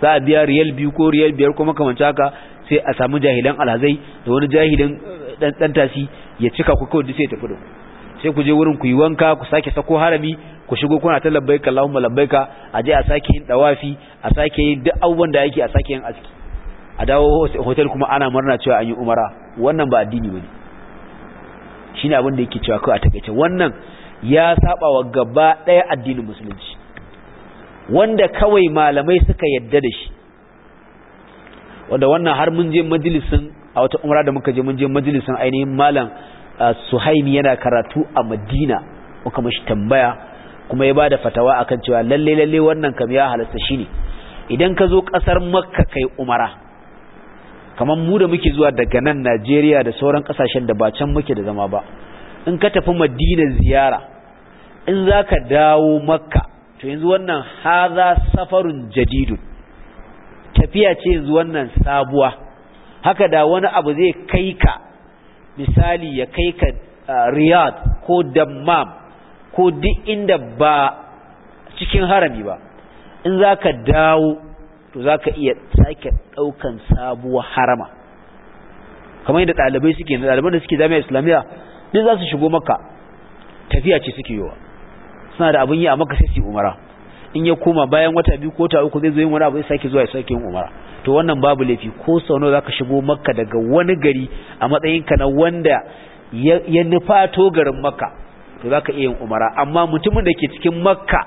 za a biya riyal biyu ko riyal biyar ko makamanci haka sai a samu jahilan alhazai da wani jahilin eh, dan tasi ya cika ku kawai sai tafi da sai ku je wurin ku yi wanka ku sake sako harami ku shigo kuna ta labbaika Allahumma labbaika a je a sake yin dawafi a sake yin duk abubuwan da yake a sake yin aski a dawo hotel kuma ana murna cewa an yi umara wannan ba addini bane shine abin da yake cewa kawai a takeice wannan ya saba wa gaba daya addinin musulunci wanda kawai malamai suka yadda da shi wanda wannan har mun je majalisin a wata umra da muka je mun je majalisin ainihin malam suhaimi yana karatu a madina muka mashi tambaya kuma ya bada fatawa akan cewa lalle lalle wannan kam ya halasta ne idan ka zo kasar makka kai umara kamar mu da muke zuwa daga nan Najeriya da sauran kasashen da ba can muke da zama ba in ka tafi madina ziyara in za ka dawo makka to yanzu wannan haza safarun jadidun tafiya ce yanzu wannan sabuwa haka da wani abu zai kai ka misali ya kai ka riyad ko dammam ko duk inda ba cikin harami ba in za ka dawo to za ka iya sake ɗaukan sabuwa harama kamar yadda ɗalibai suke ɗalibai da suke zama islamiyya duk za su shigo maka tafiya ce suke yiwa suna da abin yi a maka sai su umara in ya koma bayan wata biyu ko ta uku zai zo yin wani abu ya sake zuwa ya sake yin umara to wannan babu laifi ko sau nawa zaka shigo makka daga wani gari a matsayin ka na wanda ya nufato garin makka to zaka iya yin umara amma mutumin da ke cikin makka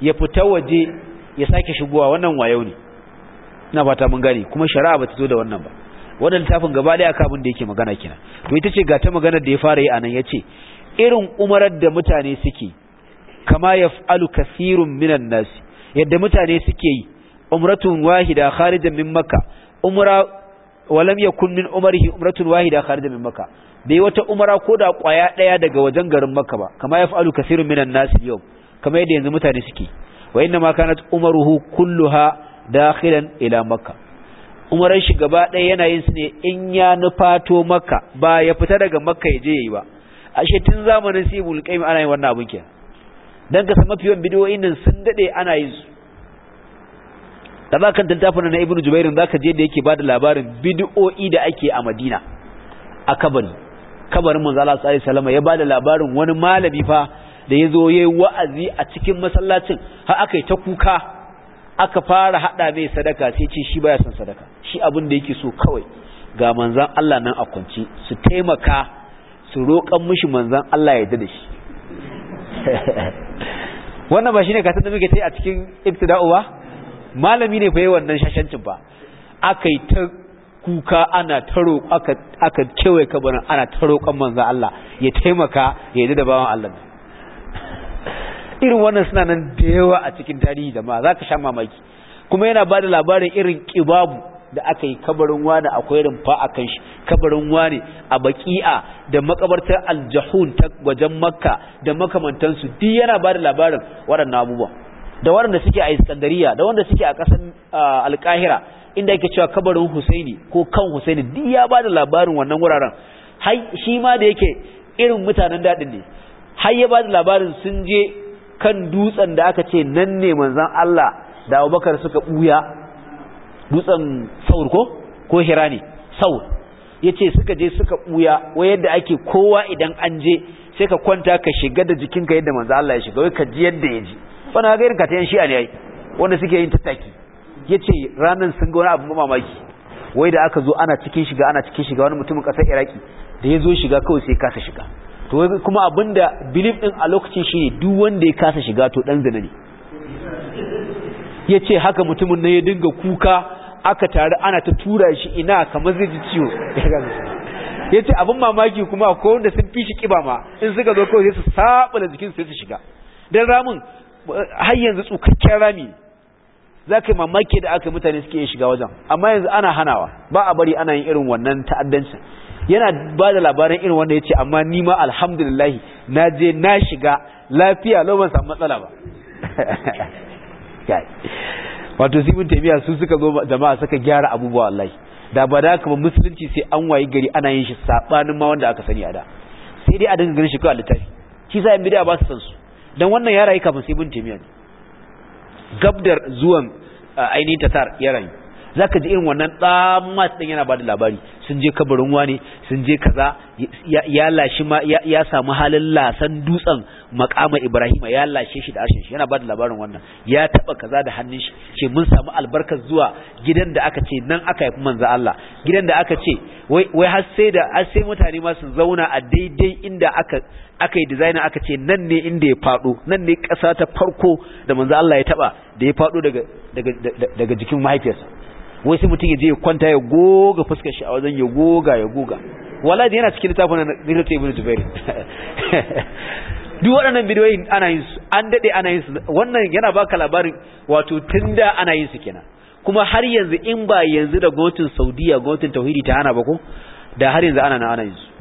ya fita waje ya sake shigowa wannan wayo ne ina fata mun gane kuma shari'a ba ta zo da wannan ba wannan littafin gaba daya aka abin da yake magana kina to ita ce ga ta magana da ya fara yi anan ce irin umarar da mutane suke kama ya fa’alu kathirun minan nasi. yadda mutane suke yi umratun wahida kharijan min maka umra walam yakun min umarhi umratun wahida kharijan min maka bai wata umara ko da kwaya daya daga wajen garin maka ba kama ya fa’alu kathirun minan nasi yau kama yadda yanzu mutane suke wa inna ma kanat umaruhu kulluha dakhilan ila makka umaran shi gaba ɗaya yana yin su ne in ya nufato makka ba ya fita daga makka ya je yayi ba ashe tun zamanin sai qaim ana yin wannan abin kenan dan ka mafiyan bidiyoyin nan sun dade ana yin su da ba kan tantafin na ibnu jubairin zaka je da yake ba da labarin bidiyoyi da ake a madina a kabari kabarin manzo Allah sallallahu alaihi wasallam ya bada labarin wani malami fa da ya yazo yayi wa'azi a cikin masallacin har aka yi ta kuka aka fara hada mai sadaka sai ce shi baya son sadaka shi abin da yake so kawai ga manzan Allah nan a kwance su taimaka su roƙan mishi manzan Allah ya da shi wannan ba shi ne gasar da muke ta yi a cikin ibtida'u ba malami ne fa yi wannan shashancin ba aka yi ta kuka ana ta aka aka kewaye bana ana ta roƙon Allah ya taimaka ya yi da bawan Allah irin wannan suna nan da yawa a cikin tarihi da ma za ka sha mamaki kuma yana ba da labarin irin kibabu da aka yi kabarin wani akwai rumfa a kan shi kabarin wani a baki'a da makabartar aljahun ta wajen makka da makamantansu duk yana ba da labarin waɗannan abubuwa da waɗanda suke a iskandariya da wanda suke a ƙasar alƙahira inda yake cewa kabarin husaini ko kan husaini duk ya ba da labarin wannan wuraren shi ma da yake irin mutanen daɗin ne har ya ba da labarin sun je kan dutsen da aka ce nan ne manzan Allah da abubakar suka buya. dutsen saur ko ko hira ne saur yace suka je suka buya wa yadda ake kowa idan an je sai ka kwanta ka shiga da jikinka yadda manzo Allah ya shiga wai ka ji yadda ya ji wannan ga irin katayen shi'a ne ai wanda suke yin tattaki yace ranan sun ga wani abu mamaki wai da aka zo ana cikin shiga ana cikin shiga wani mutumin kasar Iraki da ya zo shiga kawai sai kasa shiga to wai kuma abinda belief din a lokacin shine duk wanda ya kasa shiga to dan zina ne ya ce haka mutumin na ya dinga kuka aka tare ana ta tura shi ina kamar zai ji ciwo ya ce abin mamaki kuma ko wanda sun fi shi kiba ma in suka zo kawai su saba da jikin sai su shiga dan ramin har yanzu tsukakken rami za ka yi mamaki da aka mutane suke iya shiga wajen amma yanzu ana hanawa ba a bari ana yin irin wannan ta'addancin yana ba da labarin irin wanda ya ce amma ni ma alhamdulillahi na je na shiga lafiya lau ban samu matsala ba wato sibin taimiyya su suka zo jama'a suka gyara abubuwa wallahi da ba da kuma musulunci sai an wayi gari ana yin shi sabanin ma wanda aka sani a da sai dai a dinga ganin shi kawai a littafi shi sa yan bid'a ba su san su dan wannan ya rayu kafin sibin taimiyya ne gabdar zuwan ainihin tatar ya rayu za ka ji irin wannan tsamat ɗin yana ba da labari sun je kabarin wani sun je kaza ya lashi ya samu halin lasan dutsen makama ibrahima ya lashe shi da arshin shi yana ba da labarin wannan ya taba kaza da hannun shi ce mun samu albarkar zuwa gidan da aka ce nan aka haifi manzo Allah gidan da aka ce wai har sai da har sai mutane ma su zauna a daidai inda aka aka yi design aka ce nan ne inda ya fado nan ne kasa ta farko da manzo Allah ya taba da ya fado daga daga daga jikin mahaifiyarsa wai sai mutum ya je ya kwanta ya goga fuskar shi a wajen ya goga ya goga wallahi yana cikin littafin na Ibn Ibn Jubair duk waɗannan bidiyoyin ana yin su an dade ana yin su wannan yana baka labarin wato tunda ana yin su kenan kuma har yanzu in ba yanzu da gwamnatin Saudiya gwamnatin Tauhidi ta hana ba ko da har yanzu ana na ana yin su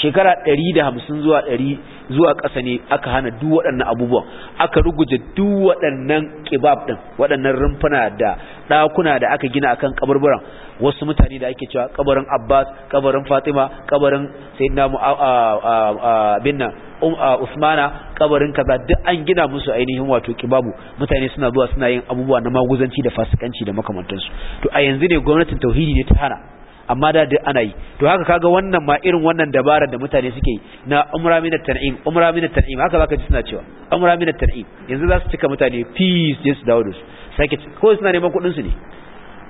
shekara ɗari da hamsin zuwa ɗari zuwa ƙasa ne aka hana duk waɗannan abubuwan aka ruguje duk waɗannan kibab ɗin waɗannan rumfuna da ɗakuna da aka gina akan kaburburan wasu mutane da ake cewa kabarin Abbas kabarin Fatima kabarin a binna um, Usmana kabarin kaza duk an gina musu ainihin wato kibabu mutane suna zuwa suna yin abubuwa na maguzanci da fasikanci da makamantansu to a yanzu ne gwamnatin tauhidi ne ta hana amma da duk ana yi to haka kaga wannan ma irin wannan dabarar da mutane suke yi na umra min at-tan'im umra min at-tan'im haka zaka ji suna cewa umra min at-tan'im yanzu za su cika mutane peace, yes dawo da su sake ko suna neman kudin su ne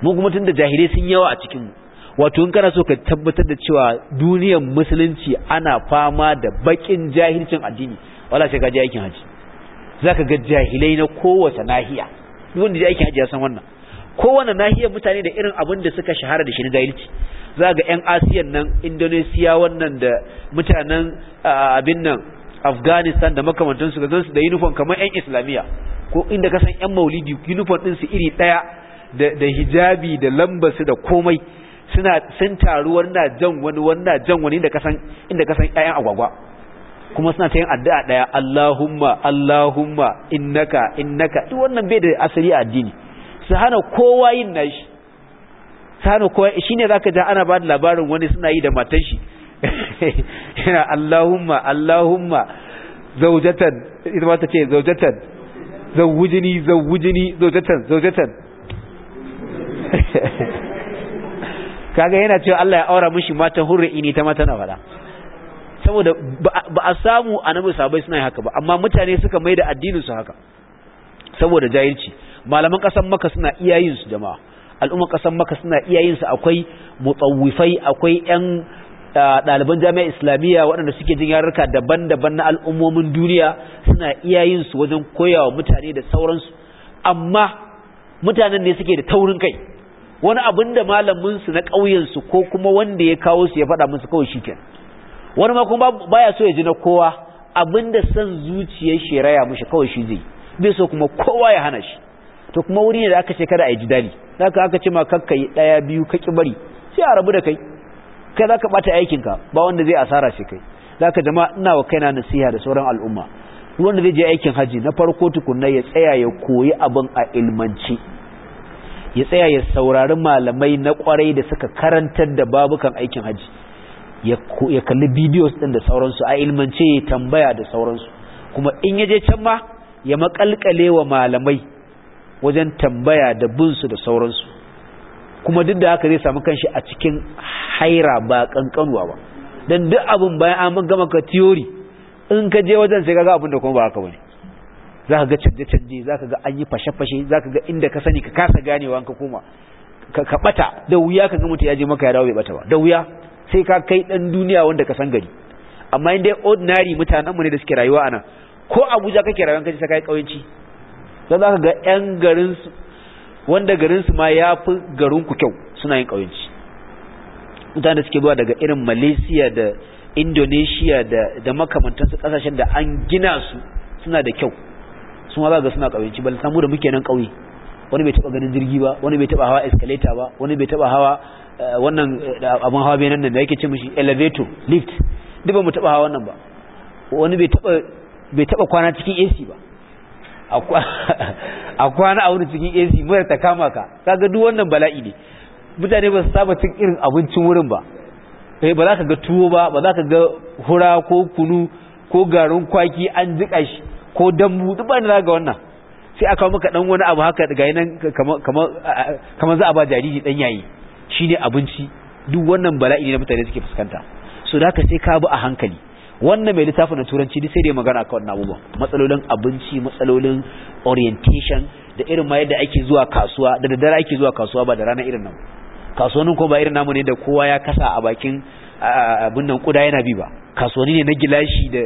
mu kuma tunda jahilai sun yawa a cikin mu wato in kana so ka tabbatar da cewa duniyar musulunci ana fama da bakin jahilcin addini wala sai ka je aikin haji zaka ga jahilai na kowace nahiya duk wanda ya aikin haji ya san wannan kowane nahiyar mutane da irin abin da suka shahara da shi na jahilci za ga 'yan asiyan nan indonesiya wannan da mutanen abin nan afghanistan da makamantansu ga zansu da uniform kamar 'yan islamiyya ko inda kasan 'yan maulidi uniform su iri ɗaya da hijabi da lambasu da komai suna sun taru wannan jan wani wannan jan wani inda kasan inda kasan 'ya'yan agwagwa kuma suna ta yin addu'a ɗaya Allahumma Allahumma innaka innaka duk wannan bai da asali a addini su hana kowa yin nashi su hana kowa shi ne za ka ja ana ba da labarin wani suna yi da matan shi yana Allahumma Allahumma zaujatan ita ba ta ce zaujatan zaujini zaujini zaujatan zaujatan kaga yana cewa Allah ya aura mishi mata hurri ini ta mata na fada saboda ba a samu annabi sabai suna yi haka ba amma mutane suka maida addinin su haka saboda jahilci malaman kasan maka suna iya su jama'a al'umman kasan maka suna iya akwai mutsawifai akwai ƴan ɗaliban jami'a islamiyya waɗanda suke jin yarurruka daban-daban na al'ummomin duniya suna iyayinsu wajen su wajen koyawa mutane da sauransu amma mutanen ne suke da taurin kai wani abin da malamin na ƙauyen su ko kuma wanda ya kawo su ya faɗa musu kawai shikenan wani ma kuma baya so ya ji na kowa abin da son zuciyar shi raya mushi kawai shi zai bai so kuma kowa ya hana shi to kuma wuri ne da aka ce kada a yi ji jidali da aka aka ce ma kakka yi ɗaya biyu kaki bari sai a rabu da kai kai za ka ɓata aikinka ba wanda zai asara shi kai za ka jama'a ina wa kaina nasiha da sauran al'umma wanda zai je aikin haji na farko tukunna ya tsaya ya koyi abin a ilmanci ya tsaya ya saurari malamai na kwarai da suka karantar da babukan aikin haji ya kalli bidiyo din da sauransu a ilmance ya tambaya da sauransu kuma in ya je can ma ya makalkale wa malamai wajen tambaya da binsu da sauransu kuma duk da haka zai samu kanshi a cikin haira ba kankanuwa ba don duk abin bayan an gama ka tiyori in ka je wajen sai kaga abin da kuma ba haka bane za ka ga canje-canje za ka ga an yi fashe-fashe za ka ga inda ka sani ka kasa ganewa ka koma ka bata da wuya ka ga mutum ya je maka ya dawo bai bata ba da wuya sai ka kai dan duniya wanda ka san gari amma in dai ordinary mutanenmu ne da suke rayuwa a nan ko abuja kake rayuwa kaji sai kai kauyanci don za ka ga 'yan garinsu wanda garinsu ma ya fi garinku kyau suna yin ƙauyenci mutane suke zuwa daga irin malaysia da indonesia da, da makamantansu ƙasashen da an gina su suna da kyau su ma za ga suna ƙauyenci bal samu da muke nan ƙauye wani bai taɓa ganin jirgi ba wani bai taɓa hawa escalator ba wani bai taɓa hawa eh, wannan eh, abin hawa bai nan da yake ce shi elevator lift duk ba mu taɓa hawa wannan ba wani bai taɓa kwana cikin ac ba a kwana a wurin cikin AC mura ta kama ka kaga duk wannan bala'i ne mutane ba su saba cin irin abincin wurin ba eh ba za ka ga tuwo ba ba za ka ga hura ko kunu ko garin kwaki an jika shi ko dambu duk ba da ga wannan sai aka maka dan wani abu haka ga nan kamar za a ba jariri dan yayi shine abinci duk wannan bala'i ne mutane suke fuskanta so da haka sai ka bi a hankali wannan mai littafin da turanci duk sai da magana akan wannan abubuwan matsalolin abinci matsalolin orientation da irin ma yadda ake zuwa kasuwa da daddare ake zuwa kasuwa ba da rana irin nan kasuwannin ko ba irin namu ne da kowa ya kasa a bakin abin nan kuda yana bi ba kasuwanni ne na gilashi da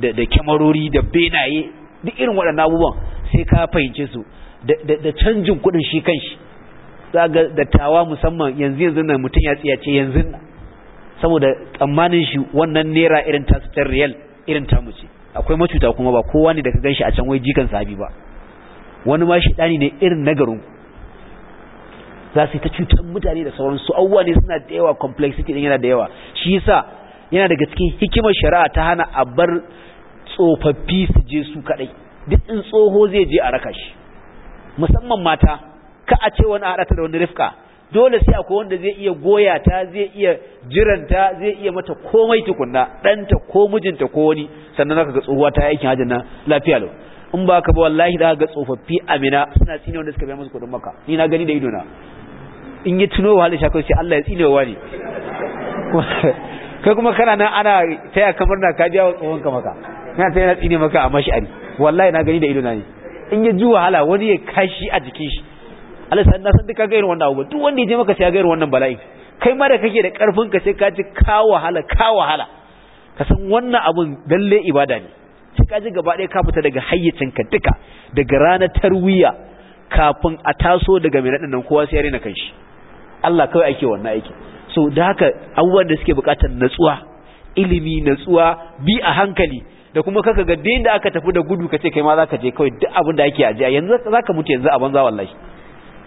da da kyamarori da benaye duk irin waɗannan abubuwan sai ka fahimce su da canjin kuɗin shi kanshi za ga dattawa musamman yanzu yanzu nan mutum ya tsiyace yanzu saboda tsammanin shi wannan nera irin ta sitar riyal irin ta muce akwai macuta kuma ba kowa ne da ka ganshi a can wai jikan sahabi ba wani ma shi dani ne irin nagarin za su yi ta cutar mutane da sauransu abubuwa ne suna da yawa complexity din yana da yawa shi yasa yana daga cikin hikimar shari'a ta hana a bar tsofaffi su je su kadai duk in tsoho zai je a raka shi musamman mata ka a ce wani haɗa ta da wani rifka dole sai akwai wanda zai iya goya ta zai iya jiranta zai iya mata komai tukunna ɗanta ko mijinta ko wani sannan zaka ga tsohuwa ta aikin hajjin nan lafiya lau in ba ka ba wallahi da ga tsofaffi amina suna tsine wanda suka biya musu kudin maka ni na gani da ido na in yi tuno wahala shakar sai Allah ya tsine wa ne kai kuma kana nan ana taya kamar na ka biya wa tsohon ka maka yana taya na tsine maka a mashari wallahi na gani da ido na ne in ya ji wahala wani ya kashi a jikin shi alisa na san duka gairin wannan abu duk wanda ya je maka sai ya gairin wannan bala'i. kai ma da kake da karfin ka sai ka ji ka wahala ka wahala ka san wannan abun lalle ibada ne sai ka ji gaba ɗaya ka fita daga hayyacin ka duka daga ranar tarwiya kafin a taso daga mai nan kowa sai ya rena kanshi Allah kawai ake wannan aiki so da haka abubuwan da suke bukatar natsuwa ilimi natsuwa bi a hankali da kuma kaka ga da aka tafi da gudu kace kai ma zaka je kawai duk abin da ake ajiya yanzu zaka mutu yanzu a banza wallahi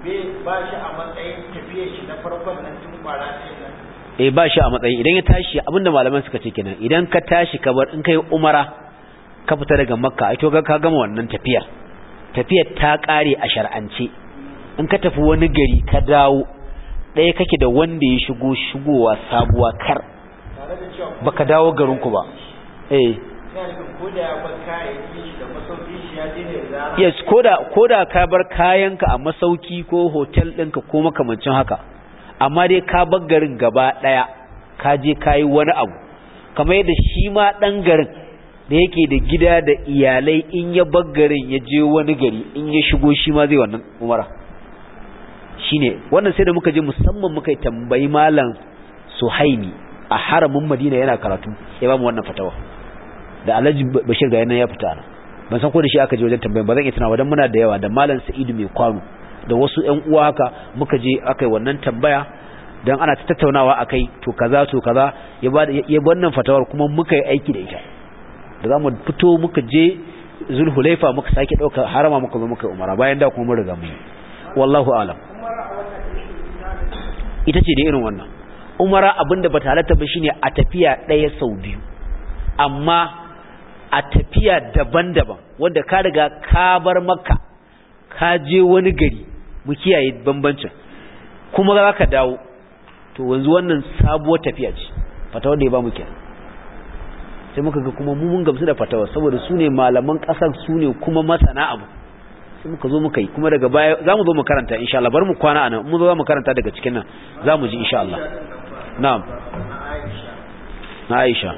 ba shi a matsayin eh, ba shi a matsayin idan ya tashi abinda malaman suka ce kenan idan ka tashi ka bar in kai umara ka fita daga makka ai to ka gama wannan tafiyar tafiyar ta kare a shar'ance in ka tafi wani gari ka dawo ɗaya kake da wanda ya shigo shigowa sabuwa kar baka dawo garinku ba eh ko da ya bar kayayyaki da masauki yes koda koda ka bar kayanka a masauki ko hotel ɗinka ko makamancin haka amma dai ka bar garin gaba ɗaya ka je ka yi wani abu kamar yadda shi ma ɗan garin da yake da gida da iyalai in ya bar garin ya je wani gari in ya shigo shi ma zai wannan umara ne wannan sai da muka je musamman muka tambayi malam suhaimi a haramin madina yana karatu ya ba mu wannan fatawa da alhaji bashir ga yana ya fita ban san ko da shi aka je wajen tambayan ba zan iya tunawa dan muna da yawa da malam Sa'idu mai kwano da wasu ƴan uwa haka muka je akai wannan tambaya dan ana ta tattaunawa akai to kaza to kaza ya ba ya wannan fatawar kuma muka yi aiki da ita da zamu fito muka je Zulhulaifa muka sake dauka harama muka zo muka umara bayan da kuma mun riga mun wallahu alam ita ce da irin wannan umara abinda ba ta halatta ba shine a tafiya ɗaya sau biyu amma a tafiya daban-daban wanda ka riga ka bar makka ka je wani gari mu kiyaye bambancin kuma za ka dawo to wanzu wannan sabuwar tafiya ce fatawar da ya ba mu kenan sai muka ga kuma mun gamsu da fatawa saboda su ne malaman ƙasar su ne kuma masana abu sai muka zo muka yi kuma daga baya za mu zo mu karanta insha Allah bar mu kwana anan mun zo za mu karanta daga cikin nan za mu ji insha Allah na'am na Aisha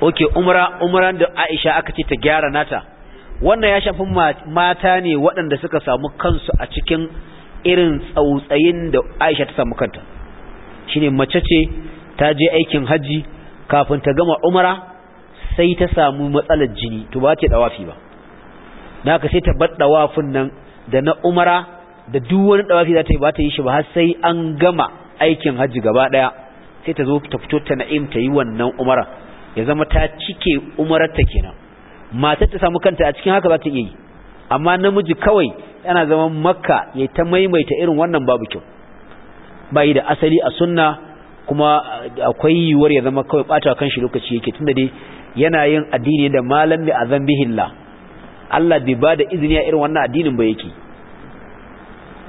oke umra umran da aisha aka ce ta gyara nata wannan ya shafi mata ne waɗanda suka samu kansu a cikin irin tsautsayin da aisha ta samu kanta shine mace ce ta je aikin hajji kafin ta gama umra sai ta samu matsalar jini to ba ta dawafi ba na ka sai ta bar dawafin nan da na umara da duk wani dawafi za ta yi ba ta yi shi ba har sai an gama aikin hajji gaba daya sai ta zo ta fito ta na'im ta yi wannan umara ya zama ta cike umararta kenan matar ta samu kanta a cikin haka za ta iya yi amma namiji kawai yana zama makka ya ta maimaita irin wannan babu kyau bai da asali a sunna kuma akwai yiwuwar ya zama kawai batawa kan shi lokaci yake tunda dai yana yin addini da malam bi azan bihillah Allah bai ba da izini a irin wannan addinin ba yake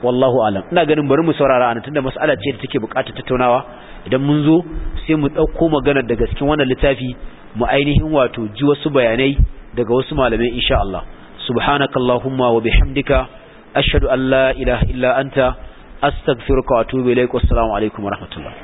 wallahu alam ina ganin bari mu saurara ana tunda mas'ala ce da take bukatar tattaunawa idan mun zo sai mu ɗauko magana daga cikin wannan littafi mu ainihin wato ji wasu bayanai daga wasu malamai insha Allah subhanaka allahumma wa bihamdika ashhadu an la ilaha illa anta astaghfiruka wa atubu ilaik wassalamu alaikum wa rahmatullah